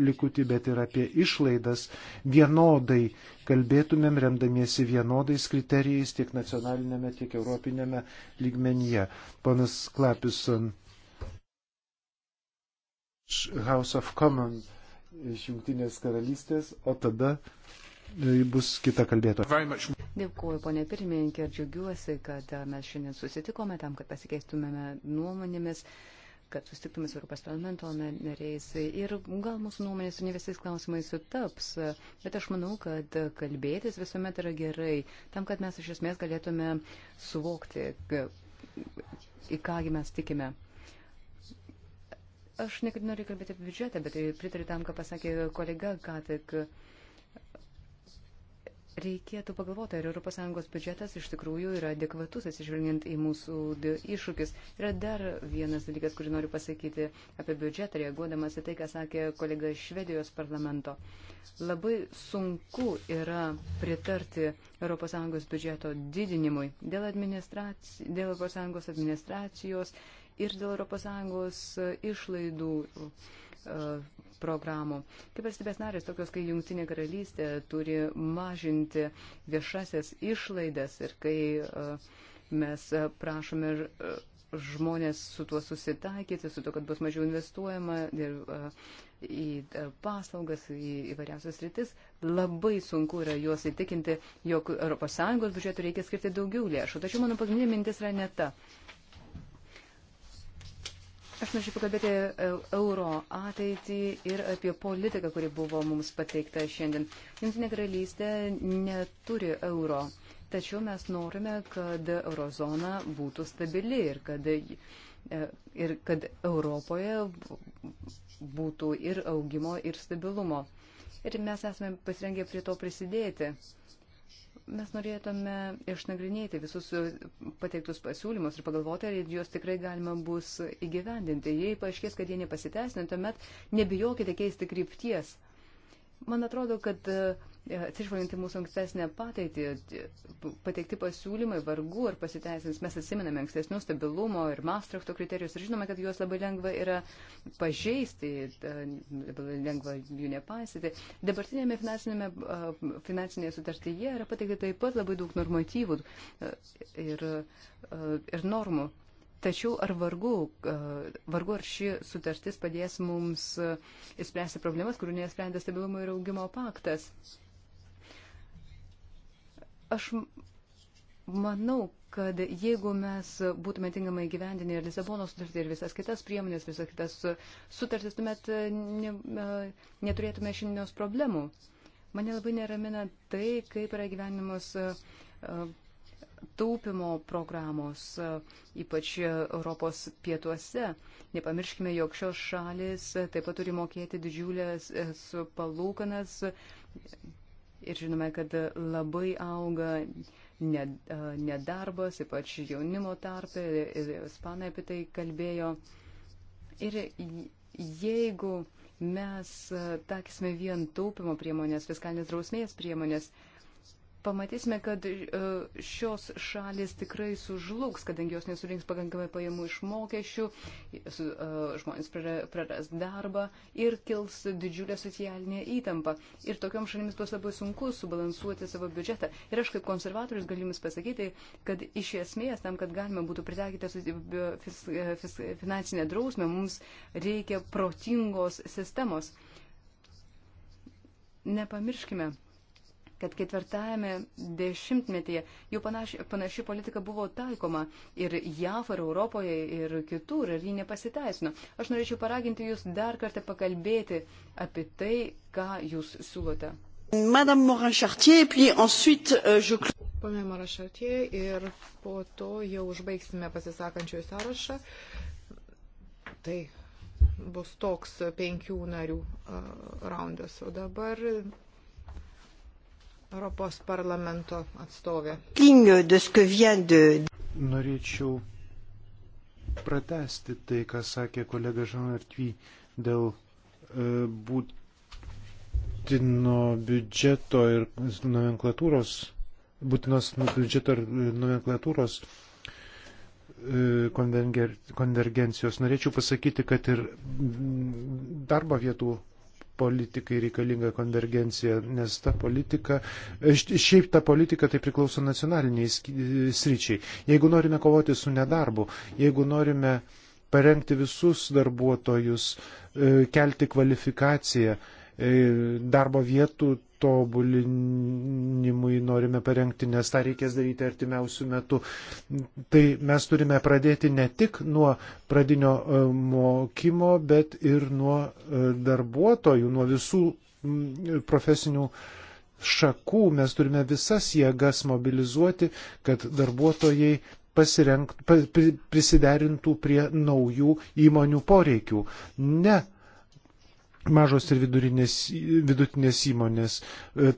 [SPEAKER 3] likutį, bet ir apie išlaidas vienodai kalbėtumėm, remdamiesi vienodais kriterijais tiek nacionalinėme, tiek europinėme lygmenyje. Ponas Klapison, House of Commons iš Junktinės karalystės, o tada E, bus kita kalbėtoja.
[SPEAKER 1] Dėkuoju, ponė pirmininkė, ir džiaugiuosi, kad e, mes šiandien susitikome tam, kad pasikeistumėme nuomonėmis kad susitiktume su Europos parlamento nariais. Ir gal mūsų nuomonės ne visais klausimais sutaps, bet aš manau, kad kalbėtis visuomet yra gerai, tam, kad mes iš esmės galėtume suvokti, e, į kągi mes tikime. Aš niekada noriu kalbėti apie biudžetą, bet pritariu tam, ką pasakė kolega, ką tik Reikėtų pagalvoti, ar ES biudžetas iš tikrųjų yra adekvatus, atsižvelgiant į mūsų iššūkius. Yra dar vienas dalykas, kurį noriu pasakyti apie biudžetą, reaguodamas į tai, ką sakė kolega iš Švedijos parlamento. Labai sunku yra pritarti ES biudžeto didinimui dėl, administraci dėl ES administracijos ir dėl ES išlaidų E, programų. Kaip valstybės narės, tokios kai Jungtinė karalystė turi mažinti viešasias išlaidas ir kai e, mes prašome e, žmonės su tuo susitaikyti, su to, kad bus mažiau investuojama ir į paslaugas, į įvairiausias rytis, labai sunku yra juos įtikinti, jog ES biudžetų reikia skirti daugiau lėšų. Tačiau mano pagrindinė mintis yra ne ta. Aš norėčiau pakalbėti e, euro ateitį ir apie politiką, kuri buvo mums pateikta šiandien. Jungtinė karalystė neturi euro, tačiau mes norime, kad eurozona būtų stabili ir kad, e, ir kad Europoje būtų ir augimo, ir stabilumo. Ir mes esame pasirengę prie to prisidėti mes norėtume išnagrinėti visus pateiktus pasiūlymus ir pagalvoti, ar juos tikrai galima bus įgyvendinti. Jei paaiškės, kad jie nepasiteisina, tuomet nebijokite keisti krypties. Man atrodo, kad uh, atsižvelgiant į mūsų ankstesnę pateitį, pateikti pasiūlymai vargu ar pasiteisins. Mes atsiminame ankstesnius stabilumo ir Maastrichto kriterijus ir žinome, kad juos labai lengva yra pažeisti, labai lengva jų nepaisyti. Dabartinėme finansinėje sutartyje yra pateikti taip pat labai daug normatyvų ir, ir normų. Tačiau ar vargu, vargu ar ši sutartis padės mums įspręsti problemas, kurių nesprendė stabilumo ir augimo paktas? Aš manau, kad jeigu mes būtume tinkamai gyvendinę ir Lisabono sutartį, ir visas kitas priemonės, visas kitas sutartis, tuomet e, ne, e, neturėtume šiandienos problemų. Mane labai neramina tai, kaip yra gyvenimas e, taupimo programos, ypač Europos pietuose. Nepamirškime, jog šios šalis taip pat turi mokėti didžiulės palūkanas Ir žinome, kad labai auga nedarbas, ypač jaunimo tarpe, ir ispanai apie tai kalbėjo. Ir jeigu mes taksime vien taupimo priemonės, fiskalinės drausmės priemonės, uh, pamatysime, kad e, šios šalis tikrai sužlugs, kadangi jos nesurinks pakankamai pajamų iš mokesčių, e, žmonės praras darbą ir kils didžiulė socialinė įtampa. Ir tokiam šalims bus labai sunku subalansuoti savo biudžetą. Ir aš kaip konservatorius galiu jums pasakyti, kad iš esmės tam, kad galima būtų pritaikyti e, finansinę drausmę, mums reikia protingos sistemos. Nepamirškime kad ketvirtajame dešimtmetyje jau panaši, panaši politika buvo taikoma ir JAF, ir Europoje, ir kitur, ir ji nepasiteisino. Aš norėčiau paraginti jūs dar kartą pakalbėti apie tai, ką jūs siūlote. Madame Morin-Chartier, puis ensuite
[SPEAKER 2] euh, je. Pone Morin-Chartier, ir po to jau užbaigsime pasisakančiųjų sąrašą. Tai bus toks penkių narių uh, raundas. O dabar Europos parlamento atstovė.
[SPEAKER 3] Norėčiau pratesti tai, ką sakė kolega Žanartvy dėl e, būtino biudžeto ir nomenklatūros, būtinos biudžeto ir e, nomenklatūros e, konvergencijos. Norėčiau pasakyti, kad ir darbo vietų politikai reikalinga konvergencija, nes ta politika, šiaip ta politika tai priklauso nacionaliniai sryčiai. Jeigu norime kovoti su nedarbu, jeigu norime parengti visus darbuotojus, e, kelti kvalifikaciją, E, darbo vietų tobulinimui norime parengti, nes tą reikės daryti artimiausių metų. Tai mes turime pradėti ne tik nuo pradinio e, mokymo, bet ir nuo e, darbuotojų, nuo visų profesinių šakų. Mes turime visas jėgas mobilizuoti, kad darbuotojai pasirenkt, prisiderintų prie naujų įmonių poreikių. Ne mažos ir vidurinės, vidutinės įmonės e,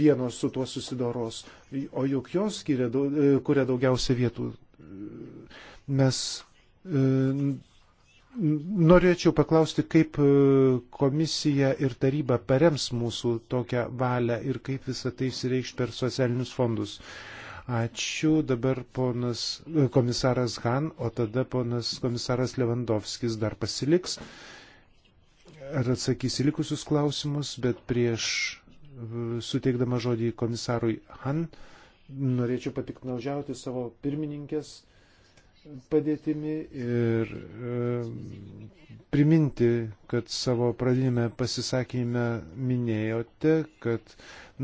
[SPEAKER 3] vienos su tuo susidoros, o juk jos skiria, e, kuria daugiausia vietų. Mes e, norėčiau paklausti, kaip komisija ir taryba parems mūsų tokią valią ir kaip visą tai įsireikš per socialinius fondus. Ačiū dabar ponas komisaras Han, o tada ponas komisaras Levandovskis dar pasiliks. Uh, ar atsakys į likusius klausimus, bet prieš e, suteikdama žodį komisarui Han, norėčiau papiknaudžiauti savo pirmininkės padėtimi ir e, priminti, kad savo pradinėme pasisakymę minėjote, kad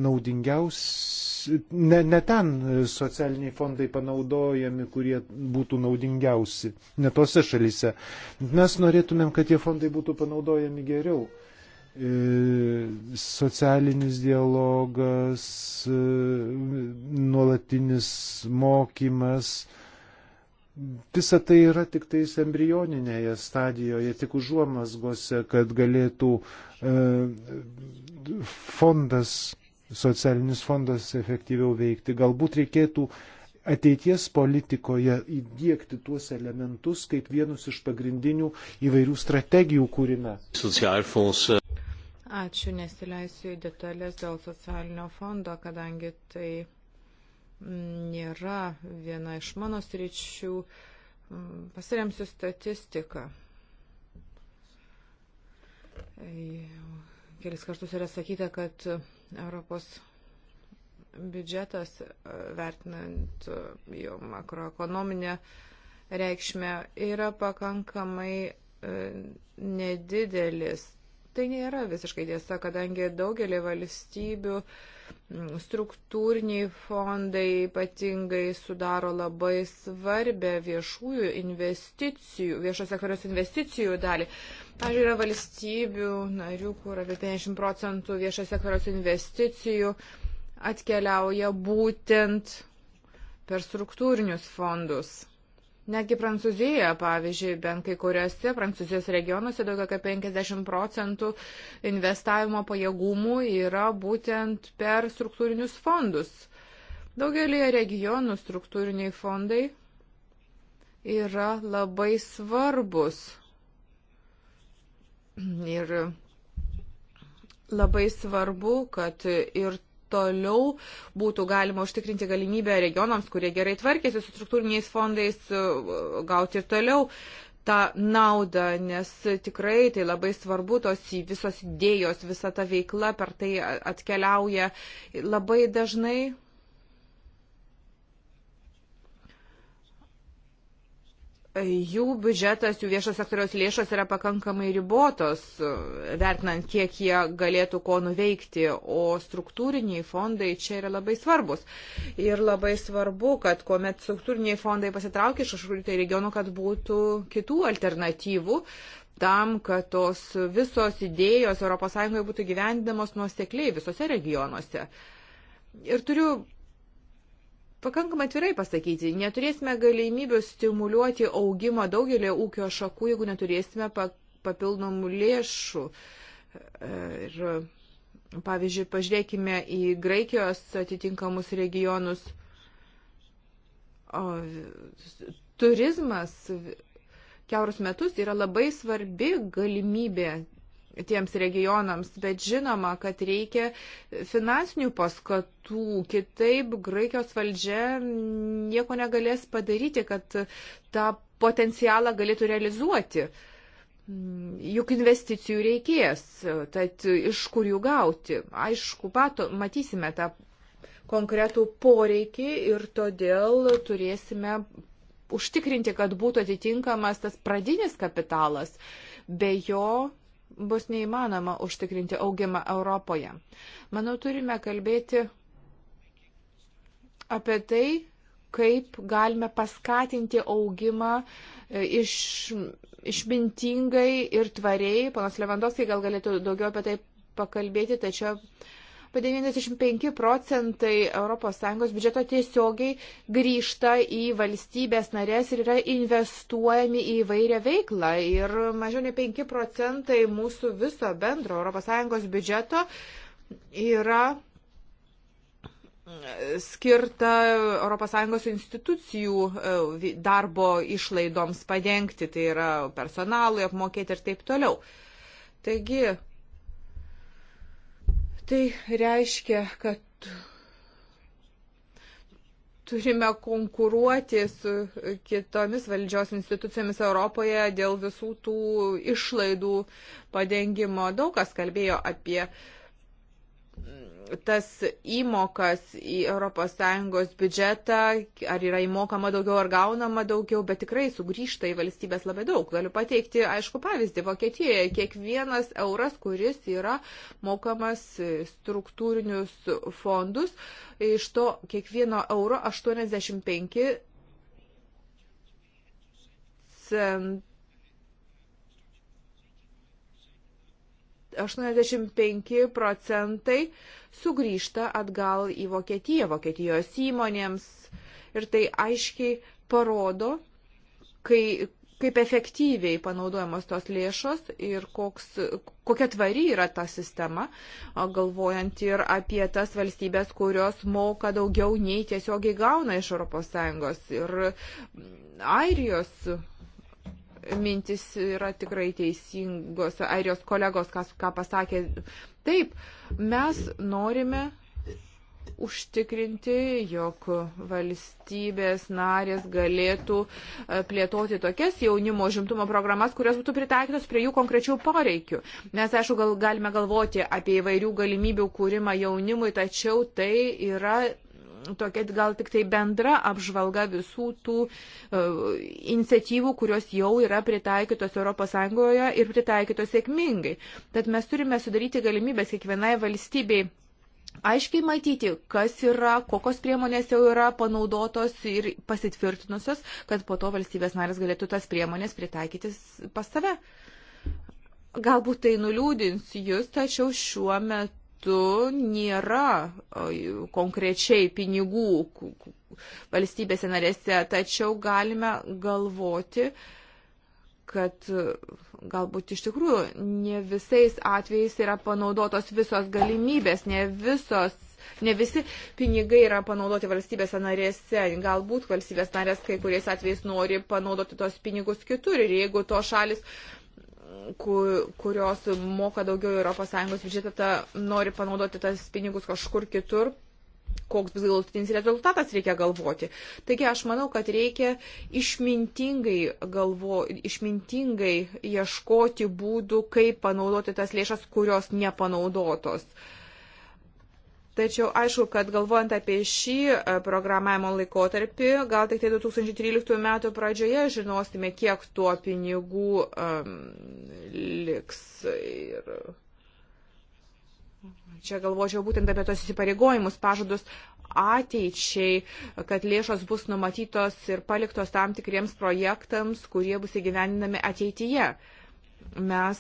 [SPEAKER 3] naudingiausi, ne, ne ten socialiniai fondai panaudojami, kurie būtų naudingiausi, ne tose šalyse. Mes norėtumėm, kad tie fondai būtų panaudojami geriau e, socialinis dialogas, e, nuolatinis mokymas, Visa tai yra tik tais embrioninėje stadijoje, tik užuomasgose, kad galėtų e, fondas, socialinis fondas efektyviau veikti. Galbūt reikėtų ateities politikoje įdėkti tuos elementus kaip vienus iš pagrindinių įvairių strategijų kūrime.
[SPEAKER 1] Socialfons. E.
[SPEAKER 2] Ačiū, nesileisiu į detalės dėl socialinio fondo, kadangi tai nėra viena iš mano sričių. Pasiremsiu statistiką. Kelis kartus yra sakyta, kad Europos biudžetas, vertinant jo makroekonominę reikšmę, yra pakankamai e, nedidelis. Tai nėra visiškai tiesa, kadangi daugelį valstybių mm, struktūriniai fondai ypatingai sudaro labai svarbę viešųjų investicijų, viešo sektoriaus investicijų dalį. Pavyzdžiui, yra valstybių narių, kur apie 50 procentų viešo sektoriaus investicijų atkeliauja būtent per struktūrinius fondus. Netgi Prancūzijoje, pavyzdžiui, bent kai kuriuose Prancūzijos regionuose daugiau kaip 50 procentų investavimo pajėgumų yra būtent per struktūrinius fondus. Daugelį regionų struktūriniai fondai yra labai svarbus. Ir labai svarbu, kad ir toliau būtų galima užtikrinti galimybę regionams, kurie gerai tvarkėsi su struktūriniais fondais, e, gauti ir toliau tą naudą, nes tikrai tai labai svarbu, tos visos idėjos, visa ta veikla per tai atkeliauja labai dažnai jų biudžetas, jų viešo sektoriaus lėšos yra pakankamai ribotos, vertinant, kiek jie galėtų ko nuveikti, o struktūriniai fondai čia yra labai svarbus. Ir labai svarbu, kad kuomet struktūriniai fondai pasitraukia iš kažkur tai regionų, kad būtų kitų alternatyvų tam, kad tos visos idėjos ES būtų gyvendinamos nuosekliai visose regionuose. Ir turiu pakankamai atvirai pasakyti, neturėsime galimybių stimuliuoti augimą daugelį ūkio šakų, jeigu neturėsime papildomų lėšų. E, ir, pavyzdžiui, pažiūrėkime į Graikijos atitinkamus regionus. O, turizmas keurus metus yra labai svarbi galimybė tiems regionams, bet žinoma, kad reikia finansinių paskatų, kitaip Graikijos valdžia nieko negalės padaryti, kad tą potencialą galėtų realizuoti. Juk investicijų reikės, tad iš kur jų gauti? Aišku, pato, matysime tą konkretų poreikį ir todėl turėsime užtikrinti, kad būtų atitinkamas tas pradinis kapitalas. Be jo bus neįmanoma užtikrinti augimą Europoje. Manau, turime kalbėti apie tai, kaip galime paskatinti augimą e, iš, išmintingai ir tvariai. Panas Levandovskis gal galėtų daugiau apie tai pakalbėti, tačiau uh, apie 95 procentai ES biudžeto tiesiogiai grįžta į valstybės narės ir yra investuojami į vairią veiklą. Ir mažiau nei 5 procentai mūsų viso bendro ES biudžeto yra skirta ES institucijų e, darbo išlaidoms padengti, tai yra personalui apmokėti ir taip toliau. Taigi, Tai reiškia, kad turime konkuruoti su kitomis valdžios institucijomis Europoje dėl visų tų išlaidų padengimo. Daug kas kalbėjo apie uh, tas įmokas į ES biudžetą, ar yra įmokama daugiau, ar gaunama daugiau, bet tikrai sugrįžta į valstybės labai daug. Galiu pateikti, aišku, pavyzdį. Vokietijoje kiekvienas euras, kuris yra mokamas struktūrinius fondus, iš to kiekvieno euro 85 centų 85 procentai sugrįžta atgal į Vokietiją, Vokietijos įmonėms. Ir tai aiškiai parodo, kai, kaip efektyviai panaudojamos tos lėšos ir koks, kokia tvari yra ta sistema, galvojant ir apie tas valstybės, kurios moka daugiau nei tiesiogiai gauna iš ES. Ir Airijos mintis yra tikrai teisingos. Airijos kolegos, kas, ką pasakė, taip, mes norime užtikrinti, jog valstybės narės galėtų e, plėtoti tokias jaunimo žimtumo programas, kurios būtų pritaikytos prie jų konkrečių poreikių. Mes, aišku, gal, galime galvoti apie įvairių galimybių kūrimą jaunimui, tačiau tai yra tokia gal tik tai bendra apžvalga visų tų uh, iniciatyvų, kurios jau yra pritaikytos ES ir pritaikytos sėkmingai. Tad mes turime sudaryti galimybės kiekvienai valstybei aiškiai matyti, kas yra, kokios priemonės jau yra panaudotos ir pasitvirtinusios, kad po to valstybės narės galėtų tas priemonės pritaikyti pas save. Galbūt tai nuliūdins jūs, tačiau šiuo metu metu nėra e, konkrečiai pinigų valstybėse narėse, tačiau galime galvoti, kad e, galbūt iš tikrųjų ne visais atvejais yra panaudotos visos galimybės, ne visos Ne visi pinigai yra panaudoti valstybėse narėse. Galbūt valstybės narės kai kuriais atvejais nori panaudoti tos pinigus kitur. Ir jeigu to šalis kurios moka daugiau ES biudžetą, ta nori panaudoti tas pinigus kažkur kitur, koks bus galutinis rezultatas, reikia galvoti. Taigi aš manau, kad reikia išmintingai, galvo, išmintingai ieškoti būdų, kaip panaudoti tas lėšas, kurios nepanaudotos. Uh, Tačiau aišku, kad galvojant apie šį e, programavimo laikotarpį, gal tik tai 2013 metų pradžioje žinosime, kiek tuo pinigų um, liks. Ir čia galvočiau būtent apie tos įsipareigojimus, pažadus ateičiai, kad lėšos bus numatytos ir paliktos tam tikriems projektams, kurie bus įgyvendinami ateityje. Mes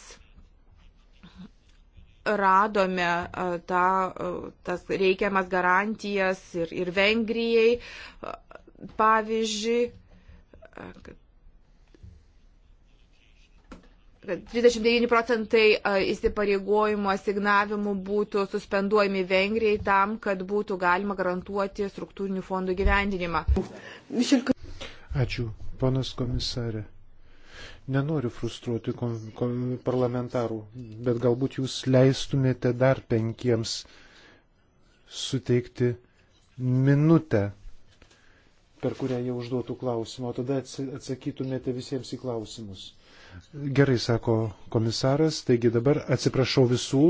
[SPEAKER 2] radome tą, tas reikiamas garantijas ir, ir Vengrijai, pavyzdžiui, kad 39 procentai įsipareigojimo asignavimų būtų suspenduojami Vengrijai tam, kad būtų galima garantuoti struktūrinių fondų gyvendinimą.
[SPEAKER 3] Ačiū, panas komisarė. Nenoriu frustruoti parlamentarų, bet galbūt jūs leistumėte dar penkiems suteikti minutę, per kurią jie užduotų klausimą, o tada atsakytumėte visiems į klausimus. Gerai, sako komisaras, taigi dabar atsiprašau visų,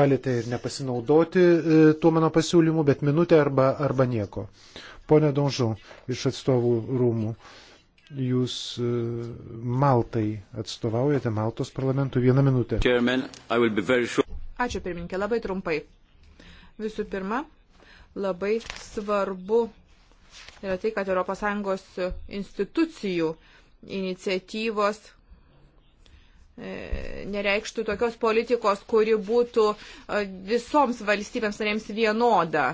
[SPEAKER 3] galite ir nepasinaudoti e, tuo mano pasiūlymu, bet minutę arba, arba nieko. Pone Donžau iš atstovų rūmų. Jūs e, Maltai atstovaujate Maltos parlamentų vieną minutę.
[SPEAKER 2] Ačiū pirmininkė, labai trumpai. Visų pirma, labai svarbu yra tai, kad ES institucijų iniciatyvos e, nereikštų tokios politikos, kuri būtų e, visoms valstybėms narėms vienoda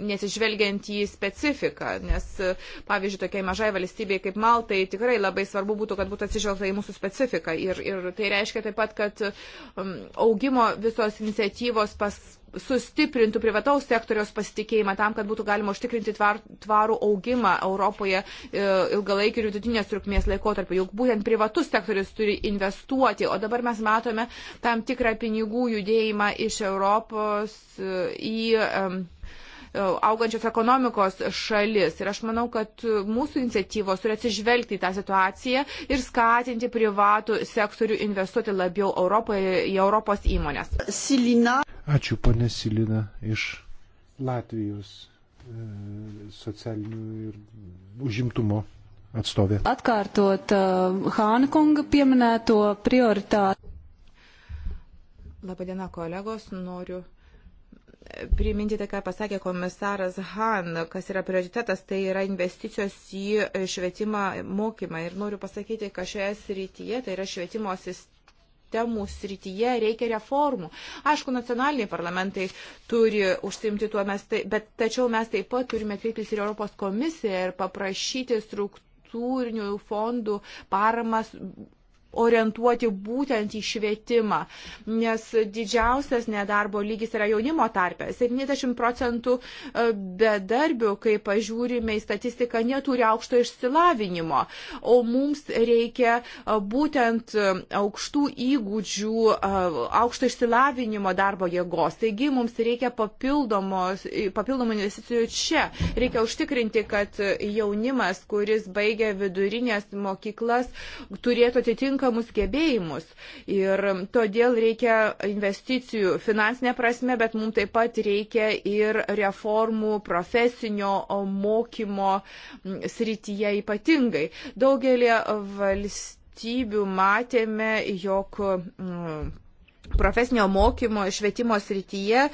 [SPEAKER 2] nesižvelgiant į specifiką, nes, pavyzdžiui, tokiai mažai valstybei kaip Maltai tikrai labai svarbu būtų, kad būtų atsižvelgta į mūsų specifiką. Ir, ir tai reiškia taip pat, kad um, augimo visos iniciatyvos pas, sustiprintų privataus sektoriaus pasitikėjimą tam, kad būtų galima užtikrinti tvar, tvarų augimą Europoje e, ilgalaikį ir vidutinės trukmės laikotarpį. Juk būtent privatus sektorius turi investuoti, o dabar mes matome tam tikrą pinigų judėjimą iš Europos e, į. Um, E, augančios ekonomikos šalis. Ir aš manau, kad mūsų iniciatyvos turi atsižvelgti į tą situaciją ir skatinti privatų sektorių investuoti labiau Europoje, į Europos įmonės. Silina.
[SPEAKER 3] Ačiū, ponė Silina, iš Latvijos e, socialinių ir užimtumo atstovė.
[SPEAKER 1] Atkārtot uh, e, Hānekunga pieminēto prioritāti.
[SPEAKER 2] Labadiena, kolegos, noriu priminti tai, ką pasakė komisaras Han, kas yra prioritetas, tai yra investicijos į švietimą, mokymą. Ir noriu pasakyti, kad šioje srityje, tai yra švietimo sistemų srityje, reikia reformų. Aišku, nacionaliniai parlamentai turi užsimti tuo, mes tai, bet tačiau mes taip pat turime kreiptis ir Europos komisiją ir paprašyti struktūrų struktūrinių fondų paramas orientuoti būtent į švietimą, nes didžiausias nedarbo lygis yra jaunimo tarpe. 70 procentų e, bedarbių, kai pažiūrime į statistiką, neturi aukšto išsilavinimo, o mums reikia e, būtent e, aukštų įgūdžių, aukšto išsilavinimo darbo jėgos. Taigi mums reikia papildomų investicijų čia. Reikia užtikrinti, kad jaunimas, kuris baigia vidurinės mokyklas, turėtų atitinkamą atitinkamus gebėjimus. Ir todėl reikia investicijų finansinė prasme, bet mums taip pat reikia ir reformų profesinio mokymo srityje ypatingai. Daugelį valstybių matėme, jog profesinio mokymo ir švietimo srityje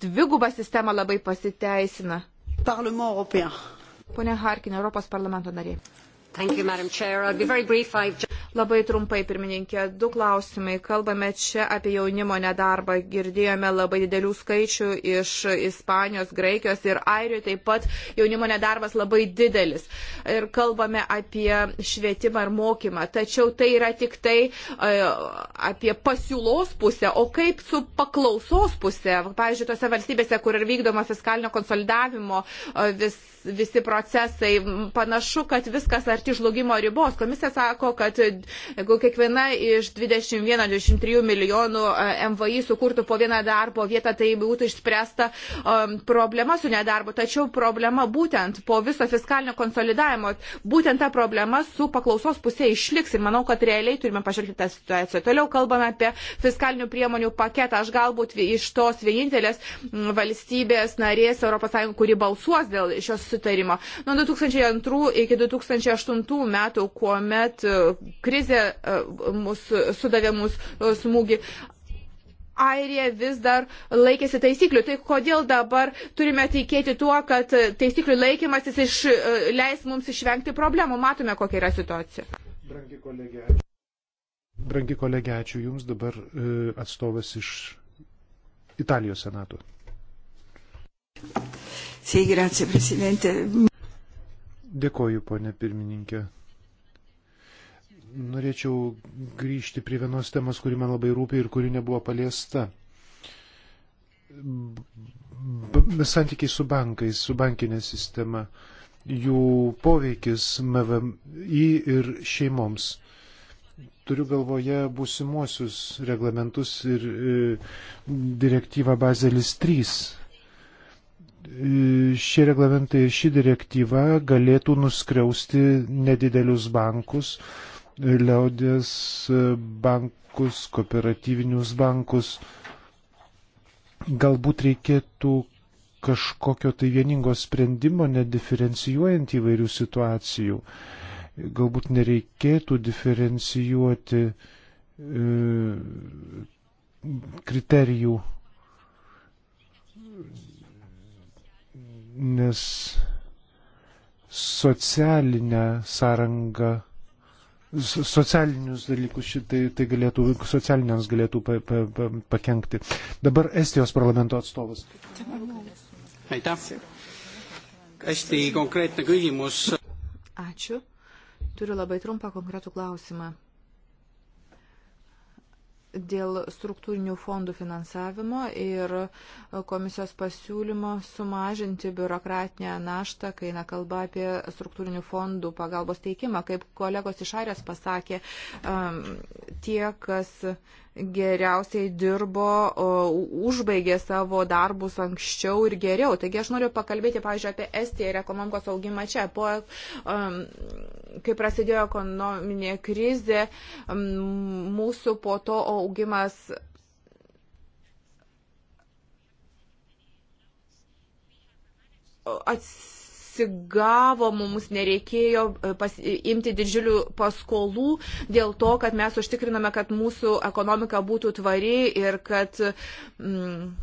[SPEAKER 2] dviguba sistema labai pasiteisina. Pone Harkin, Europos parlamento nariai. You, Labai trumpai, pirmininkė, du klausimai. Kalbame čia apie jaunimo nedarbą. Girdėjome labai didelių skaičių iš Ispanijos, Graikijos ir Airijos. Taip pat jaunimo nedarbas labai didelis. Ir kalbame apie švietimą ir mokymą. Tačiau tai yra tik tai e, apie pasiūlos pusę. O kaip su paklausos pusė? Pavyzdžiui, tose valstybėse, kur ir vykdoma fiskalinio konsolidavimo e, vis visi procesai. Panašu, kad viskas arti žlugimo ribos. Komisija sako, kad jeigu kiekviena iš 21-23 milijonų e, MVI sukurtų po vieną darbo vietą, tai būtų išspręsta um, problema su nedarbu. Tačiau problema būtent po viso fiskalinio konsolidavimo, būtent ta problema su paklausos pusė išliks. Ir manau, kad realiai turime pažvelgti tą situaciją. Toliau kalbame apie fiskalinių priemonių paketą. Aš galbūt iš tos vienintelės valstybės narės ES, kuri balsuos dėl šios susitarimo. Nuo 2002 iki 2008 metų, kuomet e, krizė e, mus, sudavė mūsų e, smūgį, Airija vis dar laikėsi taisyklių. Tai kodėl dabar turime tikėti tuo, kad taisyklių laikymasis iš, leis mums išvengti problemų? Matome, kokia yra situacija.
[SPEAKER 3] Brangi kolegė, ačiū, Brangi kolegė, ačiū Jums. Dabar atstovas iš Italijos senato. Sì,
[SPEAKER 1] grazie Presidente.
[SPEAKER 3] Dėkoju, ponė pirmininkė. Norėčiau grįžti prie vienos temos, kuri man labai rūpi ir kuri nebuvo paliesta. B santykiai su bankais, su bankinė sistema, jų poveikis MVI ir šeimoms turiu galvoje būsimuosius reglamentus ir e, direktyvą Bazelis 3 šie reglamentai, ši direktyva galėtų nuskriausti nedidelius bankus, liaudės bankus, kooperatyvinius bankus. Galbūt reikėtų kažkokio tai vieningo sprendimo, nediferencijuojant įvairių situacijų. Galbūt nereikėtų diferencijuoti e, kriterijų nes socialinę sąrangą, socialinius dalykus šitai tai galėtų, socialiniams galėtų pa, pa, pa, pakengti. Dabar Estijos parlamento atstovas.
[SPEAKER 1] Aitäh. Hästi konkreetne küsimus.
[SPEAKER 2] Ačiū. Turiu labai trumpą konkretų klausimą dėl struktūrinių fondų finansavimo ir komisijos pasiūlymo sumažinti biurokratinę naštą, kai eina kalba apie struktūrinių fondų pagalbos teikimą. Kaip kolegos iš Arės pasakė, um, tie, kas geriausiai dirbo, užbaigė savo darbus anksčiau ir geriau. Taigi aš noriu pakalbėti, pavyzdžiui, apie Estiją ir ekonomikos augimą čia. Po, um, kai prasidėjo ekonominė krizė, um, mūsų po to augimas. Atsiprašau atsigavo, mums nereikėjo e, pas, imti didžiulių paskolų dėl to, kad mes užtikriname, kad mūsų ekonomika būtų tvari ir kad. Mm,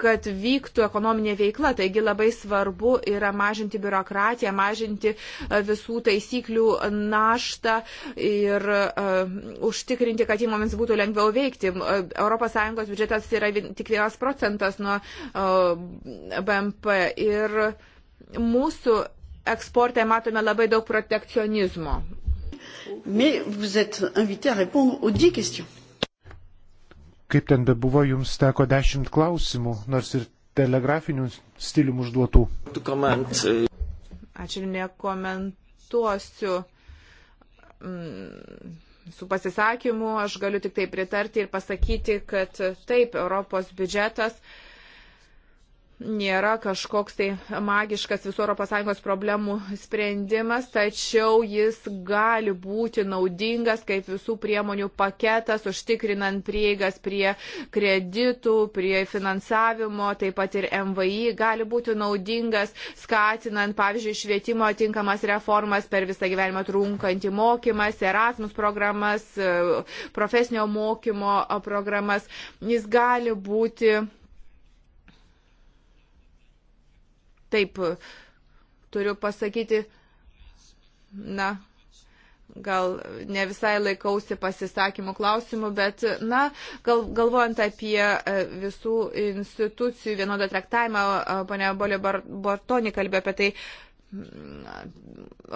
[SPEAKER 2] kad vyktų ekonominė veikla. Taigi labai svarbu yra mažinti biurokratiją, mažinti e, visų taisyklių naštą ir uh, užtikrinti, kad įmonėms būtų lengviau veikti. ES biudžetas yra tik vienas procentas nuo uh, e, BMP ir mūsų eksporte matome labai daug protekcionizmo.
[SPEAKER 1] Mais vous êtes invité à répondre aux 10 questions.
[SPEAKER 3] Kaip ten bebuvo, jums teko dešimt klausimų, nors ir telegrafinių stilium užduotų.
[SPEAKER 2] Ačiū ir nekomentuosiu. Mm, Su pasisakymu aš galiu tik tai pritarti ir pasakyti, kad taip, Europos biudžetas uh, nėra kažkoks tai magiškas visų ES problemų sprendimas, tačiau jis gali būti naudingas kaip visų priemonių paketas, užtikrinant prieigas prie kreditų, prie finansavimo, taip pat ir MVI gali būti naudingas, skatinant, pavyzdžiui, švietimo tinkamas reformas per visą gyvenimą trunkantį mokymas, Erasmus programas, profesinio mokymo programas. Jis gali būti taip turiu pasakyti, na, gal ne visai laikausi pasisakymų klausimų, bet, na, gal, galvojant apie e, visų institucijų vienodą traktavimą, e, ponia Bolio Bartoni kalbėjo apie tai,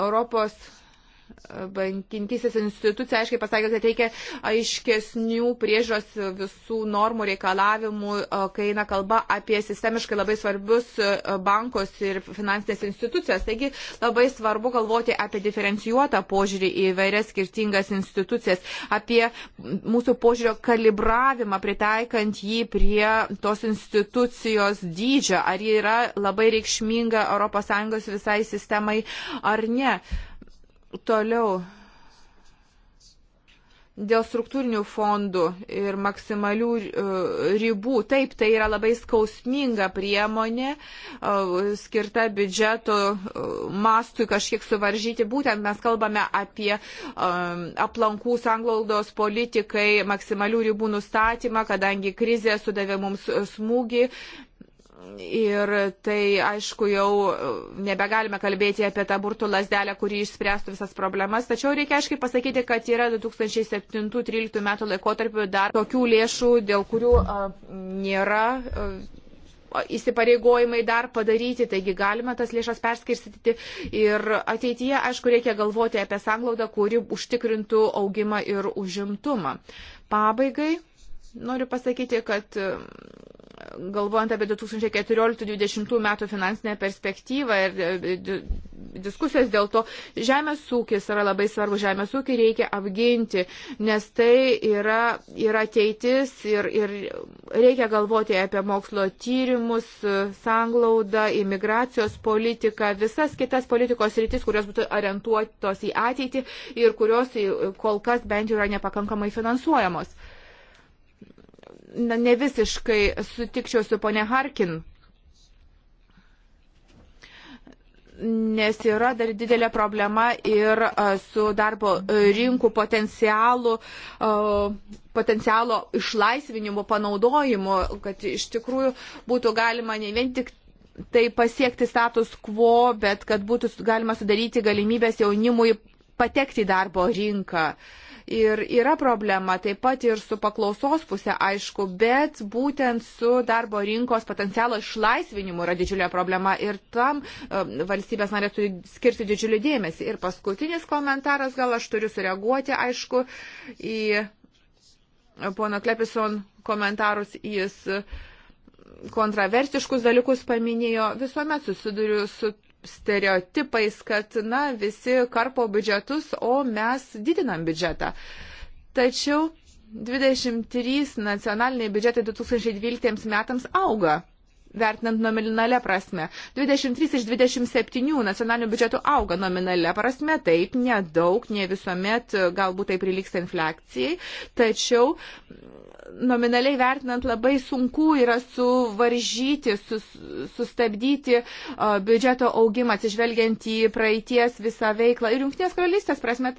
[SPEAKER 2] Europos bankintysės institucija aiškiai pasakė, kad reikia aiškesnių priežos visų normų reikalavimų, e, kai eina kalba apie sistemiškai labai svarbius e, bankos ir finansinės institucijas. Taigi labai svarbu galvoti apie diferencijuotą požiūrį į vairias skirtingas institucijas, apie mūsų požiūrio kalibravimą, pritaikant jį prie tos institucijos dydžio, ar ji yra labai reikšminga ES visai sistemai ar ne. Uh, Toliau dėl struktūrinių fondų ir maksimalių e, ribų. Taip, tai yra labai skausminga priemonė, e, skirta biudžeto e, mastui kažkiek suvaržyti. Būtent mes kalbame apie aplankų sanglaudos politikai, maksimalių ribų nustatymą, kadangi krizė sudavė mums smūgį Ir tai, aišku, jau nebegalime kalbėti apie tą burtų lasdelę, kuri išspręstų visas problemas. Tačiau reikia aiškiai pasakyti, kad yra 2007-2013 metų laikotarpiu dar tokių lėšų, dėl kurių a, nėra a, įsipareigojimai dar padaryti. Taigi galime tas lėšas perskirstyti. Ir ateityje, aišku, reikia galvoti apie sanglaudą, kuri užtikrintų augimą ir užimtumą. Pabaigai Noriu pasakyti, kad um, galvojant apie 2014-2020 metų finansinę perspektyvą ir e, diskusijos dėl to, žemės ūkis yra labai svarbu, žemės ūkį reikia apginti, nes tai yra, yra ateitis ir, ir reikia galvoti apie mokslo tyrimus, sanglaudą, imigracijos politiką, visas kitas politikos rytis, kurios būtų orientuotos į ateitį ir kurios kol kas bent jau yra nepakankamai finansuojamos na, ne visiškai sutikčiau su ponė Harkin. nes yra dar didelė problema ir su darbo e, rinkų potencialu, potencialo išlaisvinimu, panaudojimu, kad iš tikrųjų būtų galima ne vien tik tai pasiekti status quo, bet kad būtų galima sudaryti galimybės jaunimui patekti į darbo rinką. Uh, ir yra problema taip pat ir su paklausos pusė, aišku, bet būtent su darbo rinkos potencialo išlaisvinimu yra didžiulė problema ir tam um, valstybės narės turi skirti didžiulį dėmesį. Ir paskutinis komentaras, gal aš turiu sureaguoti, aišku, į pono Klepison komentarus. Jis kontraversiškus dalykus paminėjo. Visuomet susiduriu su stereotipais, kad, na, visi karpo biudžetus, o mes didinam biudžetą. Tačiau 23 nacionaliniai biudžetai 2012 metams auga vertinant nominalę prasme. 23 iš 27 nacionalinių biudžetų auga nominalę prasme, taip, nedaug, ne visuomet, galbūt tai priliksta infliacijai, tačiau nominaliai vertinant labai sunku yra suvaržyti, sus, sustabdyti uh, biudžeto augimą, atsižvelgiant į praeities visą veiklą. Ir Junktinės karalystės prasme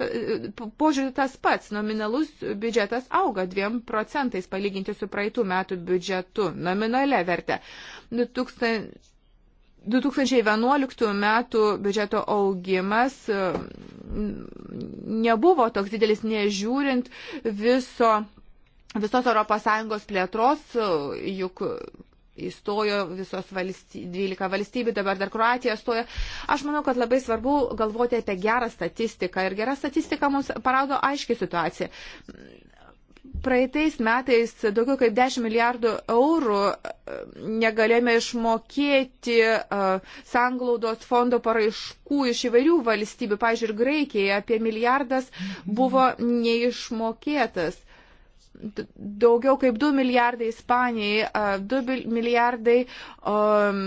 [SPEAKER 2] požiūrį tas pats, nominalus biudžetas auga dviem procentais palyginti su praeitų metų biudžetu, nominalią vertę. Uh, 2011 metų biudžeto augimas mm, nebuvo toks didelis, nežiūrint viso, visos ES plėtros, juk įstojo visos valsty, 12 valstybių, dabar dar Kroatija stoja. Aš manau, kad labai svarbu galvoti apie gerą statistiką ir gera statistika mums paraudo aiškiai situaciją. Praeitais metais daugiau kaip 10 milijardų eurų e, negalėjome išmokėti e, sanglaudos fondo paraiškų iš įvairių valstybių, pažiūrėjau, ir Graikijai apie milijardas buvo neišmokėtas daugiau kaip 2 milijardai Ispanijai, 2 milijardai um,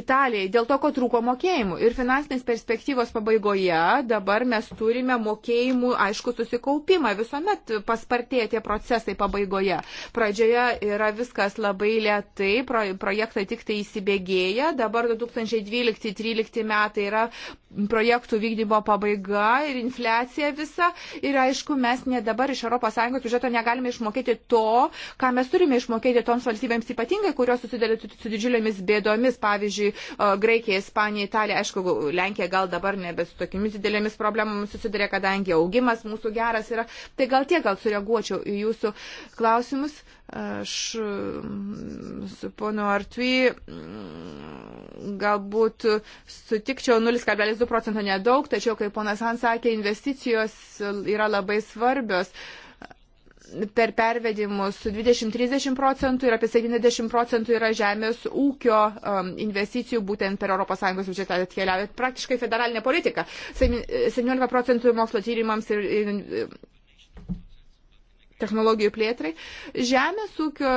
[SPEAKER 2] Italijai, dėl to, ko trūko mokėjimų. Ir finansinės perspektyvos pabaigoje dabar mes turime mokėjimų, aišku, susikaupimą. Visuomet paspartėja tie procesai pabaigoje. Pradžioje yra viskas labai lietai, pro, projektai tik tai įsibėgėja, dabar 2012-2013 metai yra projektų vykdymo pabaiga ir infliacija visa. Ir aišku, mes ne dabar iš ES biudžeto negalime išmokėti to, ką mes turime išmokėti toms valstybėms ypatingai, kurios susidarė su didžiulėmis bėdomis, pavyzdžiui, e, Graikija, Ispanija, Italija, aišku, Lenkija gal dabar nebe su tokiamis didelėmis problemomis susidarė, kadangi augimas mūsų geras yra. Tai gal tiek gal sureaguočiau į jūsų klausimus. Aš mm, su ponu Artui mm, galbūt sutikčiau 0,2 procento nedaug, tačiau, kaip ponas Han sakė, investicijos yra labai svarbios per pervedimus 20-30 procentų ir apie 70 procentų yra žemės ūkio um, investicijų būtent per ES biudžetą atkeliavę. Praktiškai federalinė politika. 17 procentų mokslo tyrimams ir, ir technologijų plėtrai. Žemės ūkio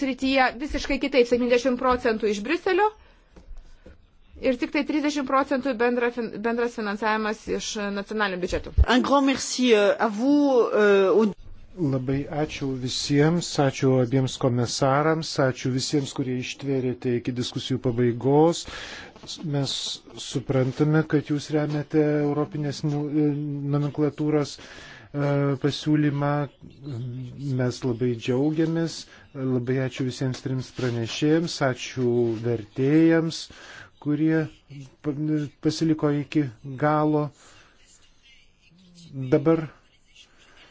[SPEAKER 2] srityje visiškai kitaip, 70 procentų iš Briuselio ir tik tai 30 procentų bendra, bendras finansavimas iš nacionalinių biudžetų.
[SPEAKER 3] Euh, euh, Labai ačiū visiems, ačiū abiems komisarams, ačiū visiems, kurie ištvėrėte iki diskusijų pabaigos. Mes suprantame, kad jūs remiate Europinės nomenklatūros. Nu, e, E, pasiūlymą. Mes labai džiaugiamės. Labai ačiū visiems trims pranešėjams, ačiū vertėjams, kurie pasiliko iki galo. Dabar